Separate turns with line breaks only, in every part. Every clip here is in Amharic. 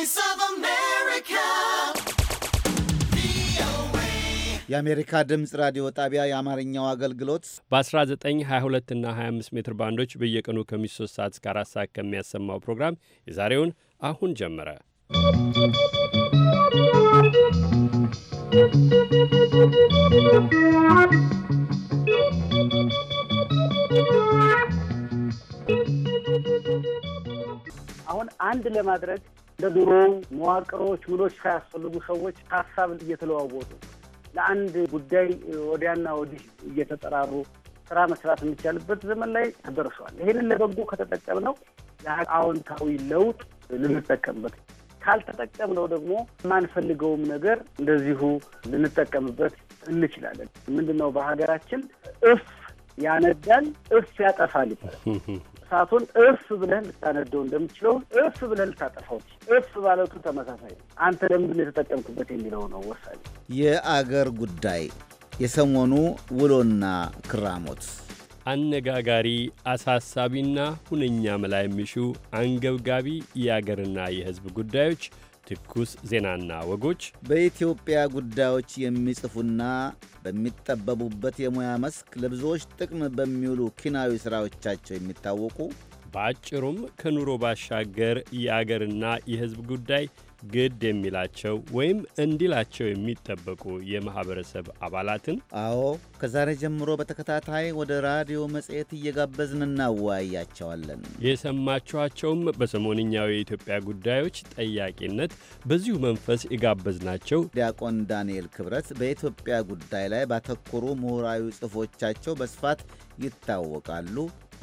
Voice of America.
የአሜሪካ ድምፅ ራዲዮ ጣቢያ የአማርኛው አገልግሎት
በ1922 እና 25 ሜትር ባንዶች በየቀኑ ከምሽቱ 3 ሰዓት እስከ 4 ሰዓት ከሚያሰማው ፕሮግራም የዛሬውን አሁን ጀመረ።
አሁን አንድ ለማድረግ እንደ ድሮው መዋቅሮች ምኖች ሳያስፈልጉ ሰዎች ሀሳብ እየተለዋወጡ ለአንድ ጉዳይ ወዲያና ወዲህ እየተጠራሩ ስራ መስራት የሚቻልበት ዘመን ላይ ተደርሷል። ይህንን ለበጎ ከተጠቀምነው አዎንታዊ ለውጥ ልንጠቀምበት፣ ካልተጠቀምነው ደግሞ የማንፈልገውም ነገር እንደዚሁ ልንጠቀምበት እንችላለን። ምንድን ነው በሀገራችን እፍ ያነዳል እፍ ያጠፋል
ይባላል።
እሳቱን እፍ ብለህ ልታነደው እንደምችለው እፍ ብለህ ልታጠፋው፣ እፍ ማለቱ ተመሳሳይ ነው። አንተ ለምንድን የተጠቀምክበት የሚለው ነው ወሳኝ።
የአገር ጉዳይ የሰሞኑ ውሎና ክራሞት
አነጋጋሪ አሳሳቢና ሁነኛ መላ የሚሹ አንገብጋቢ የአገርና የሕዝብ ጉዳዮች ትኩስ ዜናና ወጎች
በኢትዮጵያ ጉዳዮች የሚጽፉና በሚጠበቡበት የሙያ መስክ ለብዙዎች ጥቅም በሚውሉ ኪናዊ
ሥራዎቻቸው የሚታወቁ በአጭሩም ከኑሮ ባሻገር የአገርና የሕዝብ ጉዳይ ግድ የሚላቸው ወይም እንዲላቸው የሚጠበቁ የማህበረሰብ አባላትን አዎ፣
ከዛሬ ጀምሮ በተከታታይ ወደ ራዲዮ መጽሔት እየጋበዝን እናወያያቸዋለን።
የሰማችኋቸውም በሰሞንኛው የኢትዮጵያ ጉዳዮች ጠያቂነት በዚሁ መንፈስ የጋበዝናቸው ዲያቆን ዳንኤል ክብረት
በኢትዮጵያ ጉዳይ ላይ ባተኮሩ ምሁራዊ ጽሑፎቻቸው በስፋት ይታወቃሉ።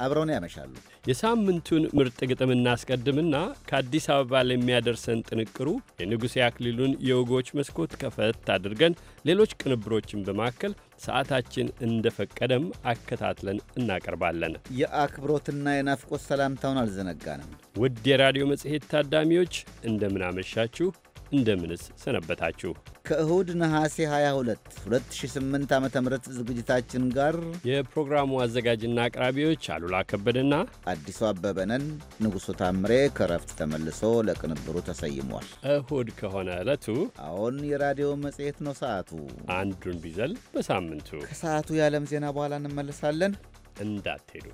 አብረውን ያመሻሉ።
የሳምንቱን ምርጥ ግጥም እናስቀድምና ከአዲስ አበባ ለሚያደርሰን ጥንቅሩ የንጉሴ አክሊሉን የወጎች መስኮት ከፈት አድርገን ሌሎች ቅንብሮችን በማከል ሰዓታችን እንደፈቀደም አከታትለን እናቀርባለን።
የአክብሮትና የናፍቆት ሰላምታውን አልዘነጋንም።
ውድ የራዲዮ መጽሔት ታዳሚዎች እንደምናመሻችሁ እንደምንስ ሰነበታችሁ?
ከእሁድ ነሐሴ 22 2008 ዓ ም ዝግጅታችን ጋር
የፕሮግራሙ አዘጋጅና አቅራቢዎች አሉላ ከበደና አዲሱ አበበነን። ንጉሡ ታምሬ ከረፍት ተመልሶ
ለቅንብሩ ተሰይሟል። እሁድ ከሆነ ዕለቱ አሁን የራዲዮ መጽሔት ነው። ሰዓቱ
አንዱን ቢዘል በሳምንቱ
ከሰዓቱ የዓለም ዜና በኋላ እንመለሳለን።
እንዳትሄዱ።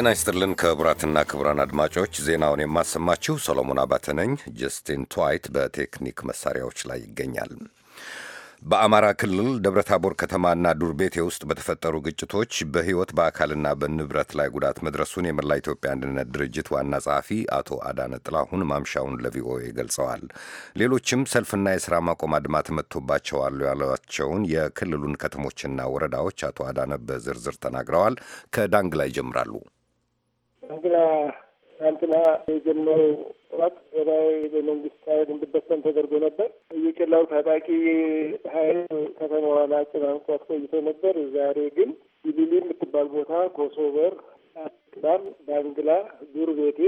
ጤና ይስጥልን ክቡራትና ክቡራን አድማጮች ዜናውን የማሰማችሁ ሰሎሞን አባተ ነኝ። ጀስቲን ትዋይት በቴክኒክ መሳሪያዎች ላይ ይገኛል። በአማራ ክልል ደብረታቦር ከተማና ዱር ቤቴ ውስጥ በተፈጠሩ ግጭቶች በሕይወት በአካልና በንብረት ላይ ጉዳት መድረሱን የመላ ኢትዮጵያ አንድነት ድርጅት ዋና ጸሐፊ አቶ አዳነ ጥላሁን ማምሻውን ለቪኦኤ ገልጸዋል። ሌሎችም ሰልፍና የሥራ ማቆም አድማ ተመትቶባቸዋል ያሏቸውን የክልሉን ከተሞችና ወረዳዎች አቶ አዳነ በዝርዝር ተናግረዋል። ከዳንግላ ይጀምራሉ።
እንግዲህ ትናንትና የጀመረው ጥረት ገበያ በመንግስት ኃይል እንዲበተን ተደርጎ ነበር። የቄላው ታጣቂ ኃይል ከተማዋን አጨናንቋት ቆይቶ ነበር። ዛሬ ግን ይሊሊ የምትባል ቦታ፣ ኮሶበር፣ አቅላም፣ ባንግላ ዱር ቤቴ፣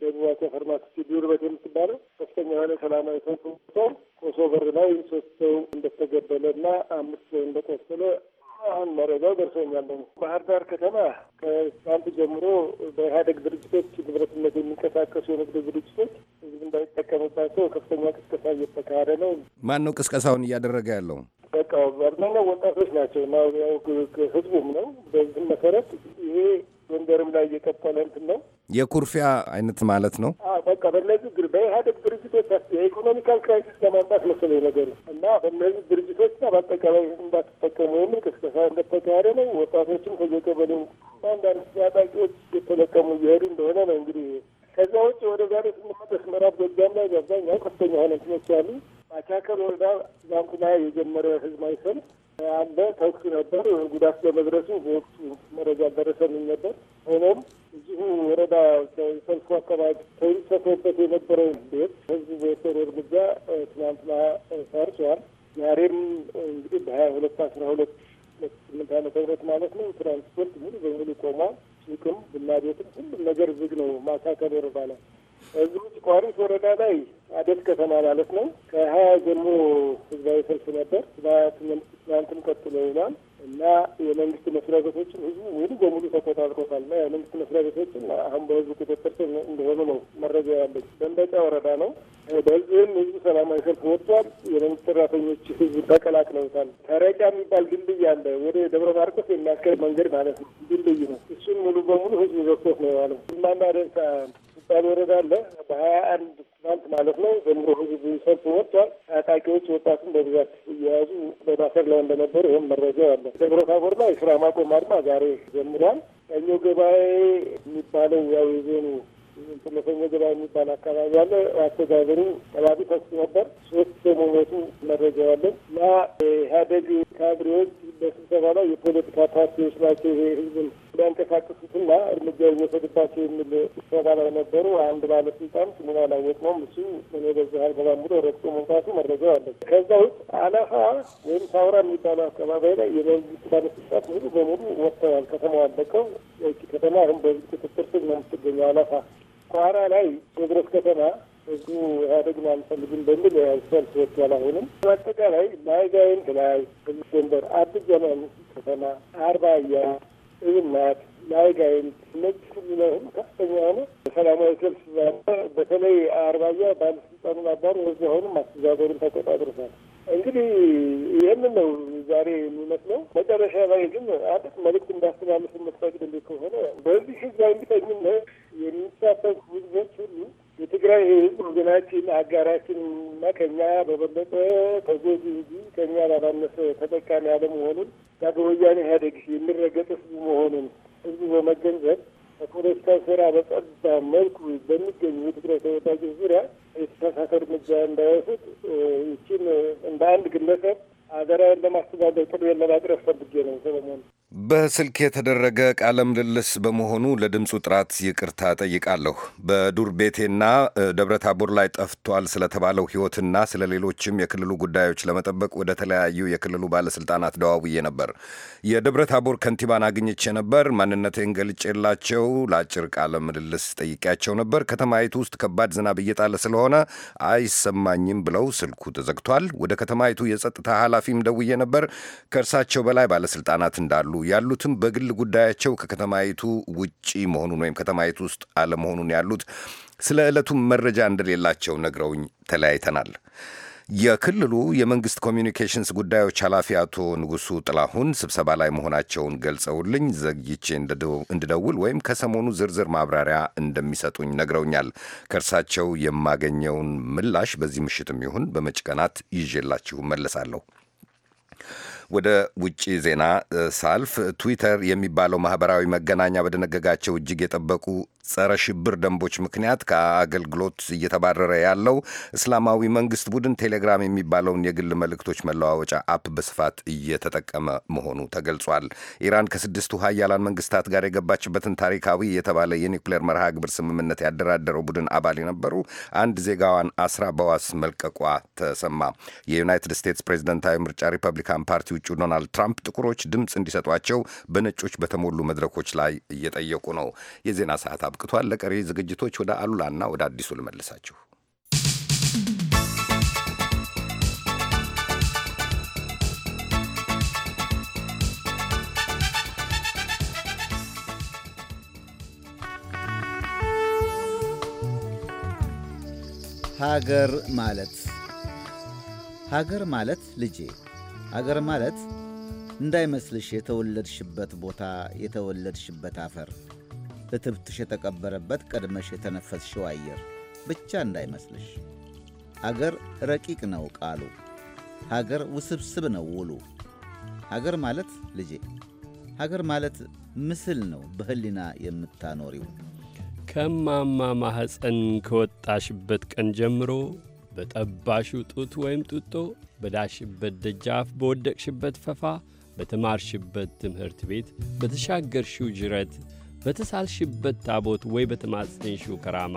ደቡባቸ አፄ ፋርማሲ ዱር ቤቴ የምትባለው ከፍተኛ የሆነ ሰላማዊ ሰልፍ ወጥቶ ኮሶበር ላይ ሶስት ሰው እንደተገበለ እና አምስት ሰው እንደቆሰለ አሁን መረጃው ደርሶኛል። ባህር ዳር ከተማ ከትናንት ጀምሮ በኢህአደግ ድርጅቶች ንብረትነት የሚንቀሳቀሱ የንግድ ድርጅቶች ህዝብ እንዳይጠቀምባቸው ከፍተኛ ቅስቀሳ እየተካሄደ ነው።
ማን ነው ቅስቀሳውን እያደረገ ያለው?
በቃ አብዛኛው ወጣቶች ናቸው እና ህዝቡም ነው። በዚህም መሰረት ይሄ ጎንደርም ላይ እየቀጠለ እንትን ነው
የኩርፊያ አይነት ማለት ነው።
በቃ በእነዚህ በኢህአዴግ ድርጅቶች የኢኮኖሚካል ክራይሲስ ለማምጣት መሰለኝ ነገሩ እና በእነዚህ ድርጅቶች ና በአጠቃላይ እንዳትጠቀሙ የሚል ቅስቀሳ እንደተካሄደ ነው። ወጣቶችም ከየቀበሌው አንዳንድ ታጣቂዎች የተለቀሙ እየሄዱ እንደሆነ ነው እንግዲህ ከዛ ውጭ ወደ ዛሬ ስንመለስ ምዕራብ ጎጃም ላይ በአብዛኛው ከፍተኛ ኃላፊዎች አሉ። ማቻከል ወረዳ ትናንትና የጀመረ ህዝባዊ ሰልፍ አለ። ተኩስ ነበር። ጉዳት ለመድረሱ በወቅቱ መረጃ ደረሰን ነበር። ሆኖም ወረዳ ሰልፎ አካባቢ ተሰቶበት ሰቶበት የነበረውን ቤት ህዝብ በወሰዱ እርምጃ ትናንትና ፈርሷል። ዛሬም እንግዲህ በሀያ ሁለት አስራ ሁለት ስምንት ዓመተ ምህረት ማለት ነው ትራንስፖርት ሙሉ በሙሉ ቆሟል። ሱቅም፣ ቡና ቤትም ሁሉም ነገር ዝግ ነው። ማሳከል ወረዳ እዚህ ውጭ ቋሪት ወረዳ ላይ አደት ከተማ ማለት ነው ከሀያ ጀምሮ ህዝባዊ ሰልፍ ነበር። ትናንትም ቀጥሎ ይላል እና የመንግስት መስሪያ ቤቶችን ህዝቡ ሙሉ በሙሉ ተቆጣጥሮታል እና የመንግስት መስሪያ ቤቶችን አሁን በህዝቡ ቁጥጥር ስር እንደሆኑ ነው መረጃ ያለች። ደንበጫ ወረዳ ነው። በዚህም ህዝቡ ሰላማዊ ሰልፍ ወጥቷል። የመንግስት ሰራተኞች ህዝቡ ተቀላቅለውታል። ተረጫ የሚባል ድልድይ አለ፣ ወደ ደብረ ማርቆስ የሚያስገድ መንገድ ማለት ነው። ድልድይ ነው። እሱን ሙሉ በሙሉ ህዝቡ ዘግቶት ነው የዋለው። ማና ደንሳ ሚባል ወረዳ አለ። በሀያ አንድ ትናንት ማለት ነው ጀምሮ ህዝቡ ሰልፍ ወጥቷል። ታጣቂዎች ወጣቱን በብዛት በእስር ላይ እንደነበሩ ይህም መረጃ ያለ ደብረ ታቦር ላይ ስራ ማቆም አድማ ዛሬ ጀምሯል። ቀኞ ገባኤ የሚባለው ያው የዞኑ ለሰኞ ገባኤ የሚባል አካባቢ አለ። አስተዳደሩ ጠባቢ ተኩስ ነበር። ሶስት በመሞቱ መረጃ ያለን እና ኢህአዴግ ካድሬዎች በስብሰባ ላይ የፖለቲካ ፓርቲዎች ናቸው ይሄ ህዝብን ያንቀሳቀሱትና እርምጃ ይወሰድባቸው የሚል ስብሰባ ላይ ነበሩ። አንድ ባለስልጣን ስሙን አላወቅነውም። እሱ እኔ በዚህ ሀይል በማምሎ ረግጦ መውጣቱ መረጃ አለ። ከዛ ውስጥ አለፋ ወይም ሳውራ የሚባለው አካባቢ ላይ የመንግስት ባለስልጣት ሙሉ በሙሉ ወጥተዋል። ከተማ አለቀው። ይቺ ከተማ አሁን በህዝብ ቁጥጥር ስር ነው የምትገኘው። አለፋ ኳራ ላይ የድረስ ከተማ እዙ ኢህአደግን አንፈልግም በሚል ሰልፍ ወጥቷል። አሁንም በአጠቃላይ ማይጋይንት ላይ ጎንደር፣ አዲስ ዘመን ከተማ አርባ አርባያ እብናት ለአይጋይል እነዚህ ሁሉ ላይ ሁሉ ከፍተኛ የሆነ ሰላማዊ ሰልፍ በተለይ አርባያ ባለስልጣኑን አባሩ ህዝብ አሁንም አስተዳደሩን ተቆጣጥሮታል። እንግዲህ ይህንን ነው ዛሬ የሚመስለው። መጨረሻ ላይ ግን አንድ መልእክት እንዳስተላለፍ የምትፈቅድልኝ ከሆነ በዚህ ህዝባዊ እምቢተኝነት የሚሳተፉ ህዝቦች ሁሉ የትግራይ ህዝብ ወገናችን አጋራችን እና ከኛ በበለጠ ተጎጂ እንጂ ከኛ ባባነሰ ተጠቃሚ አለመሆኑን ያገወያኔ ኢህአዴግ የሚረገጥ ህዝቡ መሆኑን ህዝቡ በመገንዘብ በፖለቲካ ስራ በጸዳ መልኩ በሚገኙ የትግራይ ተወላጆች ዙሪያ የተሳሳተ እርምጃ እንዳይወስድ ይችን እንደ አንድ ግለሰብ አገራዊን ለማስተዳደር ጥሩ ለማቅረብ ፈልጌ ነው ሰለሞን።
በስልክ የተደረገ ቃለ ምልልስ በመሆኑ ለድምፁ ጥራት ይቅርታ ጠይቃለሁ። በዱር ቤቴና ደብረ ታቦር ላይ ጠፍቷል ስለተባለው ሕይወትና ስለ ሌሎችም የክልሉ ጉዳዮች ለመጠበቅ ወደ ተለያዩ የክልሉ ባለስልጣናት ደዋውዬ ነበር። የደብረ ታቦር ከንቲባን አግኝቼ ነበር። ማንነቴን ገልጬላቸው ለአጭር ቃለ ምልልስ ጠይቄያቸው ነበር። ከተማይቱ ውስጥ ከባድ ዝናብ እየጣለ ስለሆነ አይሰማኝም ብለው ስልኩ ተዘግቷል። ወደ ከተማይቱ የጸጥታ ኃላፊም ደውዬ ነበር። ከእርሳቸው በላይ ባለስልጣናት እንዳሉ ያሉትም በግል ጉዳያቸው ከከተማይቱ ውጪ መሆኑን ወይም ከተማይቱ ውስጥ አለመሆኑን ያሉት ስለ ዕለቱም መረጃ እንደሌላቸው ነግረውኝ ተለያይተናል። የክልሉ የመንግስት ኮሚኒኬሽንስ ጉዳዮች ኃላፊ አቶ ንጉሱ ጥላሁን ስብሰባ ላይ መሆናቸውን ገልጸውልኝ ዘግይቼ እንድደውል ወይም ከሰሞኑ ዝርዝር ማብራሪያ እንደሚሰጡኝ ነግረውኛል። ከእርሳቸው የማገኘውን ምላሽ በዚህ ምሽትም ይሁን በመጭ ቀናት ይዤላችሁ መለሳለሁ። ወደ ውጭ ዜና ሳልፍ ትዊተር የሚባለው ማህበራዊ መገናኛ በደነገጋቸው እጅግ የጠበቁ ጸረ ሽብር ደንቦች ምክንያት ከአገልግሎት እየተባረረ ያለው እስላማዊ መንግስት ቡድን ቴሌግራም የሚባለውን የግል መልእክቶች መለዋወጫ አፕ በስፋት እየተጠቀመ መሆኑ ተገልጿል። ኢራን ከስድስቱ ሀያላን መንግስታት ጋር የገባችበትን ታሪካዊ የተባለ የኒውክሌር መርሃ ግብር ስምምነት ያደራደረው ቡድን አባል የነበሩ አንድ ዜጋዋን አስራ በዋስ መልቀቋ ተሰማ። የዩናይትድ ስቴትስ ፕሬዚደንታዊ ምርጫ ሪፐብሊካን ፓርቲ ውጭ ዶናልድ ትራምፕ ጥቁሮች ድምፅ እንዲሰጧቸው በነጮች በተሞሉ መድረኮች ላይ እየጠየቁ ነው። የዜና ሰዓት አብቅቷል። ለቀሪ ዝግጅቶች ወደ አሉላና ወደ አዲሱ ልመልሳችሁ።
ሀገር ማለት ሀገር ማለት ልጄ፣ ሀገር ማለት እንዳይመስልሽ የተወለድሽበት ቦታ፣ የተወለድሽበት አፈር እትብትሽ የተቀበረበት ቀድመሽ የተነፈስሽው አየር ብቻ እንዳይመስልሽ። አገር ረቂቅ ነው ቃሉ፣ ሀገር ውስብስብ ነው ውሉ። ሀገር ማለት ልጄ፣ ሀገር ማለት ምስል ነው በህሊና የምታኖሪው።
ከማማ ማኅፀን ከወጣሽበት ቀን ጀምሮ በጠባሹ ጡት ወይም ጡጦ፣ በዳሽበት ደጃፍ፣ በወደቅሽበት ፈፋ፣ በተማርሽበት ትምህርት ቤት፣ በተሻገርሽው ጅረት በተሳልሽበት ታቦት ወይ በተማጸንሽው ከራማ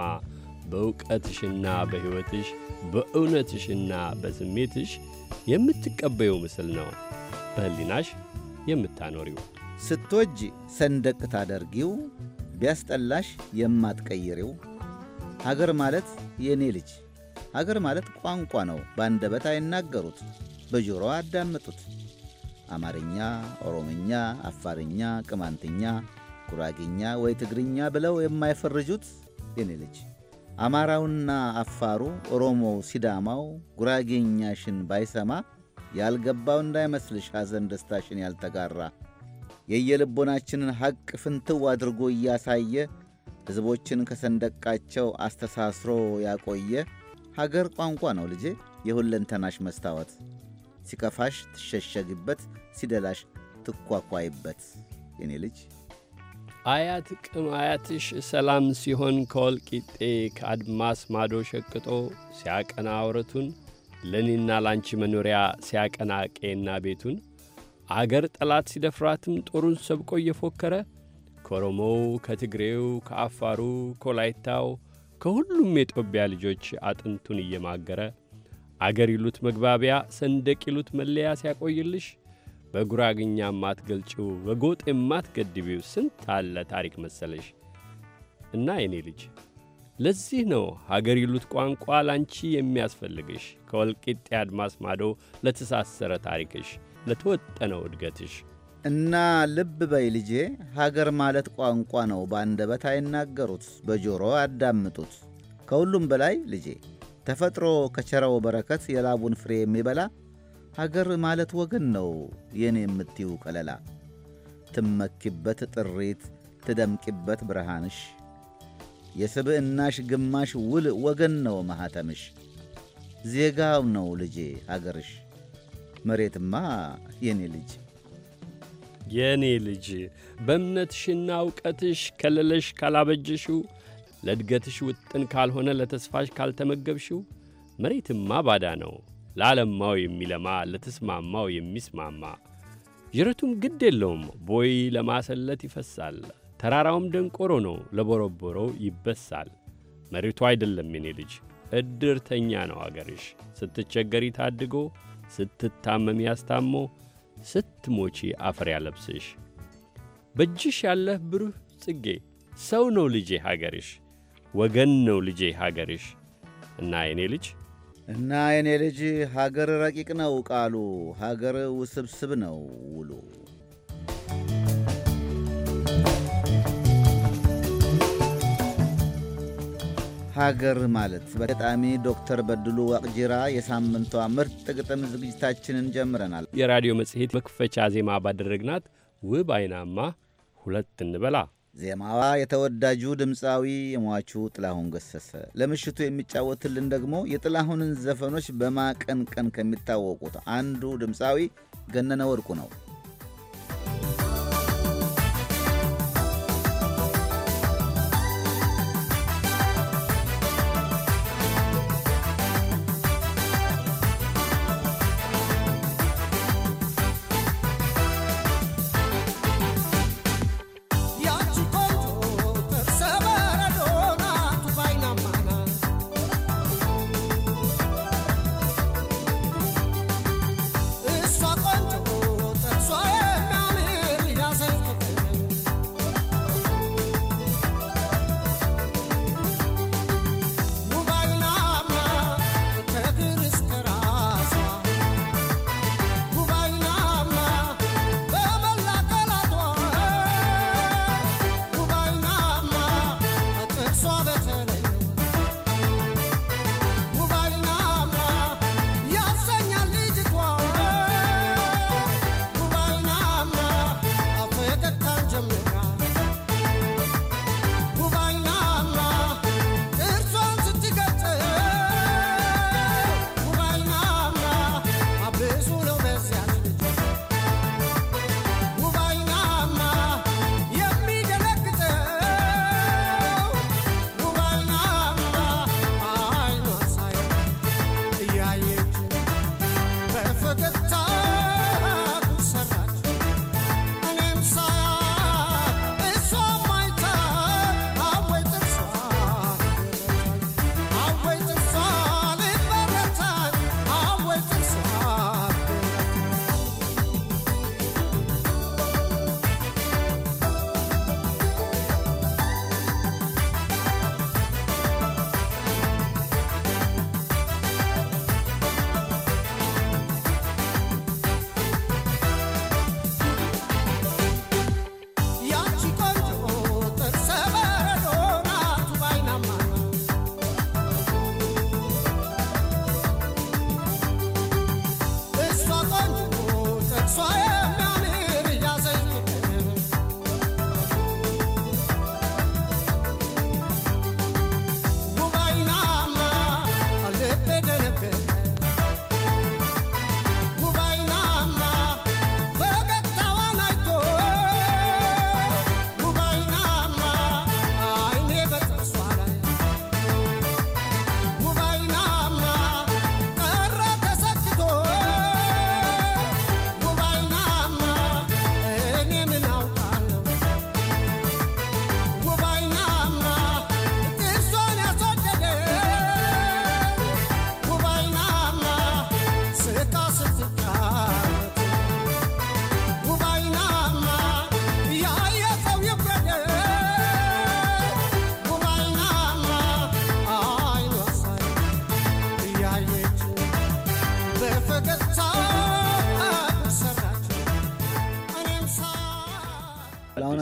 በእውቀትሽና በሕይወትሽ በእውነትሽና በስሜትሽ የምትቀበየው ምስል ነው። በሕሊናሽ የምታኖሪው ስቶጅ
ሰንደቅ ታደርጊው ቢያስጠላሽ የማትቀይሪው ሀገር ማለት የእኔ ልጅ ሀገር ማለት ቋንቋ ነው። በአንደበት አይናገሩት፣ በጆሮ አዳምጡት አማርኛ፣ ኦሮምኛ፣ አፋርኛ፣ ቅማንትኛ ጉራግኛ ወይ ትግርኛ ብለው የማይፈርጁት የኔ ልጅ አማራውና አፋሩ፣ ኦሮሞው፣ ሲዳማው ጉራጌኛሽን ባይሰማ ያልገባው እንዳይመስልሽ ሐዘን ደስታሽን ያልተጋራ የየልቦናችንን ሐቅ ፍንትው አድርጎ እያሳየ ሕዝቦችን ከሰንደቃቸው አስተሳስሮ ያቆየ ሀገር ቋንቋ ነው ልጄ የሁለንተናሽ መስታወት። ሲከፋሽ ትሸሸግበት፣ ሲደላሽ ትኳኳይበት የኔ ልጅ
አያት ቅም አያትሽ ሰላም ሲሆን ከወልቂጤ ከአድማስ ማዶ ሸቅጦ ሲያቀና አውረቱን ለእኔና ላንቺ መኖሪያ ሲያቀና ቄና ቤቱን አገር ጠላት ሲደፍራትም ጦሩን ሰብቆ እየፎከረ ከኦሮሞው፣ ከትግሬው፣ ከአፋሩ፣ ኮላይታው ከሁሉም የጦቢያ ልጆች አጥንቱን እየማገረ አገር ይሉት መግባቢያ ሰንደቅ ይሉት መለያ ሲያቆይልሽ በጉራግኛ የማትገልጭው በጎጥ የማትገድቢው ስንት አለ ታሪክ መሰለሽ። እና የኔ ልጅ ለዚህ ነው ሀገር ይሉት ቋንቋ ላንቺ የሚያስፈልግሽ ከወልቂጤ አድማስ ማዶ ለተሳሰረ ታሪክሽ፣ ለተወጠነው እድገትሽ።
እና ልብ በይ ልጄ፣ ሀገር ማለት ቋንቋ ነው። በአንደበት አይናገሩት፣ በጆሮ አዳምጡት። ከሁሉም በላይ ልጄ ተፈጥሮ ከቸረው በረከት የላቡን ፍሬ የሚበላ ሀገር ማለት ወገን ነው የኔ የምትዩ ቀለላ ትመኪበት ጥሪት ትደምቂበት ብርሃንሽ የስብዕናሽ ግማሽ ውል ወገን ነው ማኅተምሽ ዜጋው ነው ልጄ አገርሽ መሬትማ የኔ ልጅ
የኔ ልጅ በእምነትሽና እውቀትሽ ከለለሽ ካላበጀሽው ለእድገትሽ ውጥን ካልሆነ ለተስፋሽ ካልተመገብሽው መሬትማ ባዳ ነው ለዓለማው የሚለማ ለተስማማው የሚስማማ ጅረቱም ግድ የለውም ቦይ ለማሰለት ይፈሳል። ተራራውም ደንቆሮ ነው ለቦረቦረው ይበሳል። መሬቱ አይደለም የኔ ልጅ እድርተኛ ነው አገርሽ። ስትቸገሪ ታድጎ፣ ስትታመም ያስታሞ፣ ስትሞቺ አፈር ያለብስሽ። በእጅሽ ያለህ ብሩህ ጽጌ ሰው ነው ልጄ ሀገርሽ፣ ወገን ነው ልጄ ሀገርሽ እና የኔ ልጅ
እና የኔ ልጅ ሀገር ረቂቅ ነው ቃሉ፣ ሀገር ውስብስብ ነው ውሉ። ሀገር ማለት በገጣሚ ዶክተር በድሉ ዋቅጅራ የሳምንቷ ምርጥ ግጥም ዝግጅታችንን
ጀምረናል። የራዲዮ መጽሔት መክፈቻ ዜማ ባደረግናት ውብ አይናማ ሁለት እንበላ
ዜማዋ የተወዳጁ ድምፃዊ የሟቹ ጥላሁን ገሰሰ። ለምሽቱ የሚጫወትልን ደግሞ የጥላሁንን ዘፈኖች በማቀንቀን ከሚታወቁት አንዱ ድምፃዊ ገነነ ወርቁ ነው።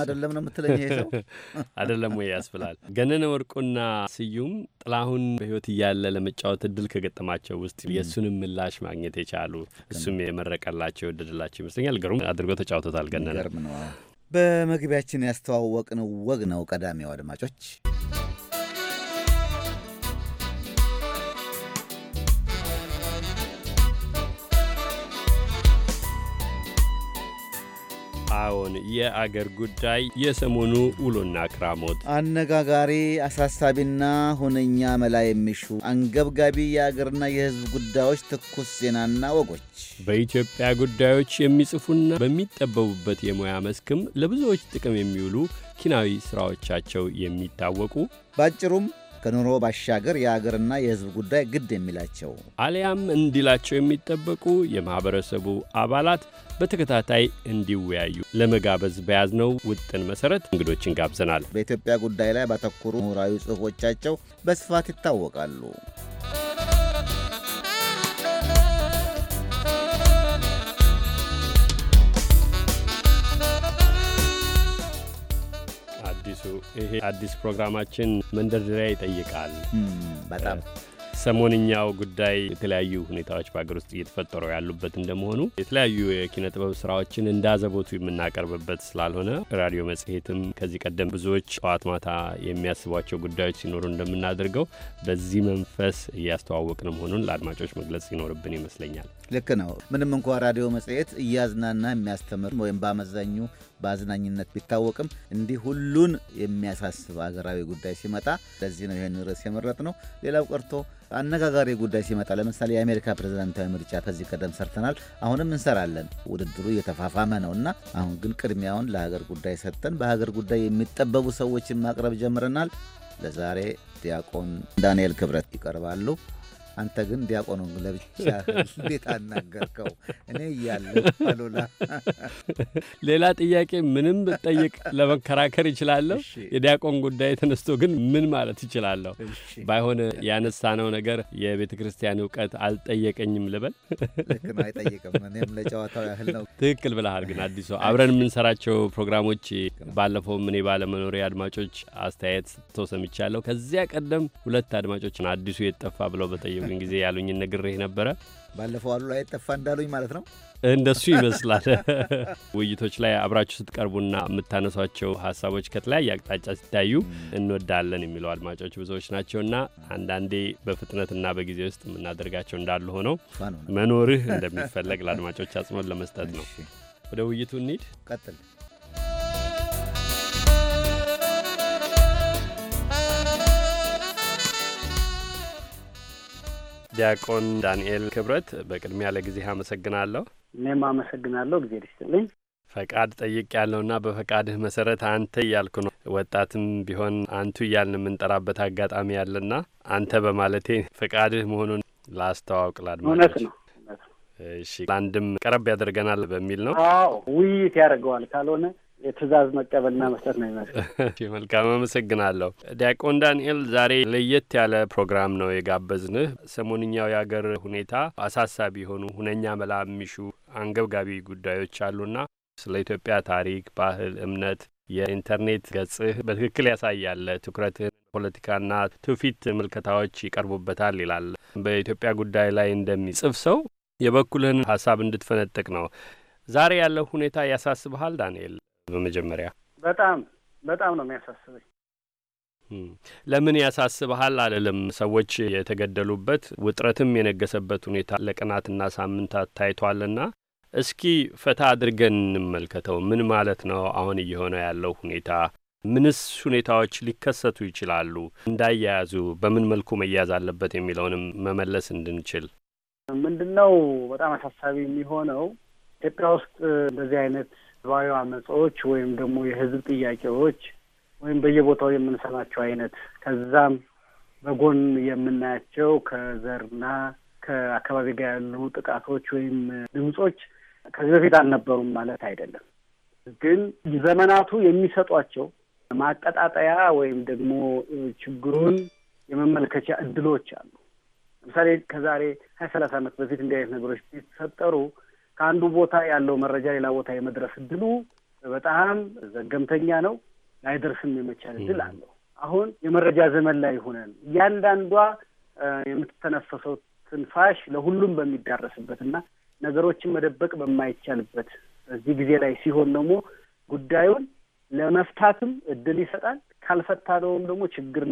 አይደለም ነው የምትለኝ? ይሄ ሰው
አይደለም ወይ ያስብላል። ገነነ ወርቁና ስዩም ጥላሁን በህይወት እያለ ለመጫወት እድል ከገጠማቸው ውስጥ የእሱንም ምላሽ ማግኘት የቻሉ እሱም የመረቀላቸው የወደደላቸው ይመስለኛል። ገሩም አድርጎ ተጫውቶታል። ገነነ
በመግቢያችን ያስተዋወቅን ወግ ነው ቀዳሚው አድማጮች
አዎን፣ የአገር ጉዳይ የሰሞኑ ውሎና ክራሞት
አነጋጋሪ፣ አሳሳቢና ሁነኛ መላ የሚሹ አንገብጋቢ የአገርና የሕዝብ ጉዳዮች፣ ትኩስ ዜናና ወጎች
በኢትዮጵያ ጉዳዮች የሚጽፉና በሚጠበቡበት የሙያ መስክም ለብዙዎች ጥቅም የሚውሉ ኪናዊ ሥራዎቻቸው የሚታወቁ
በአጭሩም ከኑሮ ባሻገር የአገርና የሕዝብ ጉዳይ ግድ የሚላቸው
አሊያም እንዲላቸው የሚጠበቁ የማኅበረሰቡ አባላት በተከታታይ እንዲወያዩ ለመጋበዝ በያዝነው ውጥን መሠረት እንግዶችን ጋብዘናል።
በኢትዮጵያ ጉዳይ ላይ ባተኮሩ ምሁራዊ ጽሑፎቻቸው በስፋት ይታወቃሉ።
አዲሱ ይሄ አዲስ ፕሮግራማችን መንደርደሪያ ይጠይቃል። በጣም ሰሞንኛው ጉዳይ የተለያዩ ሁኔታዎች በሀገር ውስጥ እየተፈጠሩ ያሉበት እንደመሆኑ የተለያዩ የኪነ ጥበብ ስራዎችን እንዳዘቦቱ የምናቀርብበት ስላልሆነ ራዲዮ መጽሔትም ከዚህ ቀደም ብዙዎች ጠዋት ማታ የሚያስቧቸው ጉዳዮች ሲኖሩ እንደምናደርገው በዚህ መንፈስ እያስተዋወቅን መሆኑን ለአድማጮች መግለጽ ይኖርብን ይመስለኛል።
ልክ ነው። ምንም እንኳ ራዲዮ መጽሔት እያዝናና የሚያስተምር ወይም በአመዛኙ በአዝናኝነት ቢታወቅም እንዲህ ሁሉን የሚያሳስብ አገራዊ ጉዳይ ሲመጣ ለዚህ ነው ይህን ርዕስ የመረጥ ነው። ሌላው ቀርቶ አነጋጋሪ ጉዳይ ሲመጣ ለምሳሌ የአሜሪካ ፕሬዝዳንታዊ ምርጫ ከዚህ ቀደም ሰርተናል፣ አሁንም እንሰራለን። ውድድሩ እየተፋፋመ ነው እና አሁን ግን ቅድሚያውን ለሀገር ጉዳይ ሰጥተን በሀገር ጉዳይ የሚጠበቡ ሰዎችን ማቅረብ ጀምረናል። ለዛሬ ዲያቆን ዳንኤል ክብረት ይቀርባሉ። አንተ ግን ዲያቆኑን ለብቻ እንዴት አናገርከው? እኔ እያለ አሉላ
ሌላ ጥያቄ ምንም ብጠይቅ ለመከራከር ይችላለሁ። የዲያቆን ጉዳይ ተነስቶ ግን ምን ማለት ይችላለሁ? ባይሆን ያነሳነው ነገር የቤተ ክርስቲያን እውቀት አልጠየቀኝም ልበል። ልክ ነው፣ አይጠይቅም። እኔም ለጨዋታው ያህል ነው። ትክክል ብለሃል። ግን አዲሱ አብረን የምንሰራቸው ፕሮግራሞች ባለፈውም እኔ ባለመኖሪ አድማጮች አስተያየት ስትቶ ሰምቻለሁ። ከዚያ ቀደም ሁለት አድማጮችን አዲሱ የጠፋ ብለው በጠየቁ በደውልኝ ጊዜ ያሉኝን ነግሬህ ነበረ።
ባለፈው አሉ ላይ ጠፋ እንዳሉኝ ማለት ነው።
እንደሱ ይመስላል። ውይይቶች ላይ አብራችሁ ስትቀርቡና የምታነሷቸው ሀሳቦች ከተለያየ አቅጣጫ ሲታዩ እንወዳለን የሚለው አድማጮች ብዙዎች ናቸውና አንዳንዴ በፍጥነትና በጊዜ ውስጥ የምናደርጋቸው እንዳሉ ሆነው መኖርህ እንደሚፈለግ ለአድማጮች አጽንኦት ለመስጠት ነው። ወደ ውይይቱ እንሂድ። ቀጥል። ዲያቆን ዳንኤል ክብረት በቅድሚያ ለጊዜ አመሰግናለሁ።
እኔም አመሰግናለሁ። ጊዜ ደስትልኝ
ፈቃድ ጠይቅ ያለውና በፈቃድህ መሰረት አንተ እያልኩ ነው። ወጣትም ቢሆን አንቱ እያልን የምንጠራበት አጋጣሚ ያለና አንተ በማለቴ ፈቃድህ መሆኑን ላስተዋውቅ ነው እሺ፣ ለአንድም ቀረብ ያደርገናል በሚል ነው። አዎ
ውይይት ያደርገዋል። ካልሆነ የትእዛዝ መቀበልና መስጠት ነው
ይመስል። መልካም አመሰግናለሁ። ዲያቆን ዳንኤል ዛሬ ለየት ያለ ፕሮግራም ነው የጋበዝንህ። ሰሞንኛው የአገር ሁኔታ አሳሳቢ የሆኑ ሁነኛ መላ የሚሹ አንገብጋቢ ጉዳዮች አሉና ስለ ኢትዮጵያ ታሪክ፣ ባህል፣ እምነት የኢንተርኔት ገጽህ በትክክል ያሳያል። ትኩረትህን ፖለቲካና ትውፊት ምልከታዎች ይቀርቡበታል ይላል። በኢትዮጵያ ጉዳይ ላይ እንደሚጽፍ ሰው የበኩልህን ሀሳብ እንድትፈነጥቅ ነው። ዛሬ ያለው ሁኔታ ያሳስብሃል ዳንኤል? በመጀመሪያ
በጣም በጣም ነው የሚያሳስበኝ።
ለምን ያሳስበሃል አልልም። ሰዎች የተገደሉበት ውጥረትም የነገሰበት ሁኔታ ለቀናትና ሳምንታት ታይቷልና እስኪ ፈታ አድርገን እንመልከተው። ምን ማለት ነው አሁን እየሆነ ያለው ሁኔታ? ምንስ ሁኔታዎች ሊከሰቱ ይችላሉ? እንዳያያዙ በምን መልኩ መያዝ አለበት የሚለውንም መመለስ እንድንችል።
ምንድነው በጣም አሳሳቢ የሚሆነው ኢትዮጵያ ውስጥ እንደዚህ አይነት ህዝባዊ አመፃዎች ወይም ደግሞ የህዝብ ጥያቄዎች ወይም በየቦታው የምንሰማቸው አይነት ከዛም በጎን የምናያቸው ከዘርና ከአካባቢ ጋር ያሉ ጥቃቶች ወይም ድምጾች ከዚህ በፊት አልነበሩም ማለት አይደለም። ግን ዘመናቱ የሚሰጧቸው ማቀጣጠያ ወይም ደግሞ ችግሩን የመመልከቻ እድሎች አሉ። ለምሳሌ ከዛሬ ሀያ ሰላሳ ዓመት በፊት እንዲህ አይነት ነገሮች ቢፈጠሩ ከአንዱ ቦታ ያለው መረጃ ሌላ ቦታ የመድረስ እድሉ በጣም ዘገምተኛ ነው። ላይደርስም የመቻል እድል አለው። አሁን የመረጃ ዘመን ላይ ሆነን እያንዳንዷ የምትተነፈሰው ትንፋሽ ለሁሉም በሚዳረስበት እና ነገሮችን መደበቅ በማይቻልበት በዚህ ጊዜ ላይ ሲሆን ደግሞ ጉዳዩን ለመፍታትም እድል ይሰጣል። ካልፈታ ነውም ደግሞ ችግር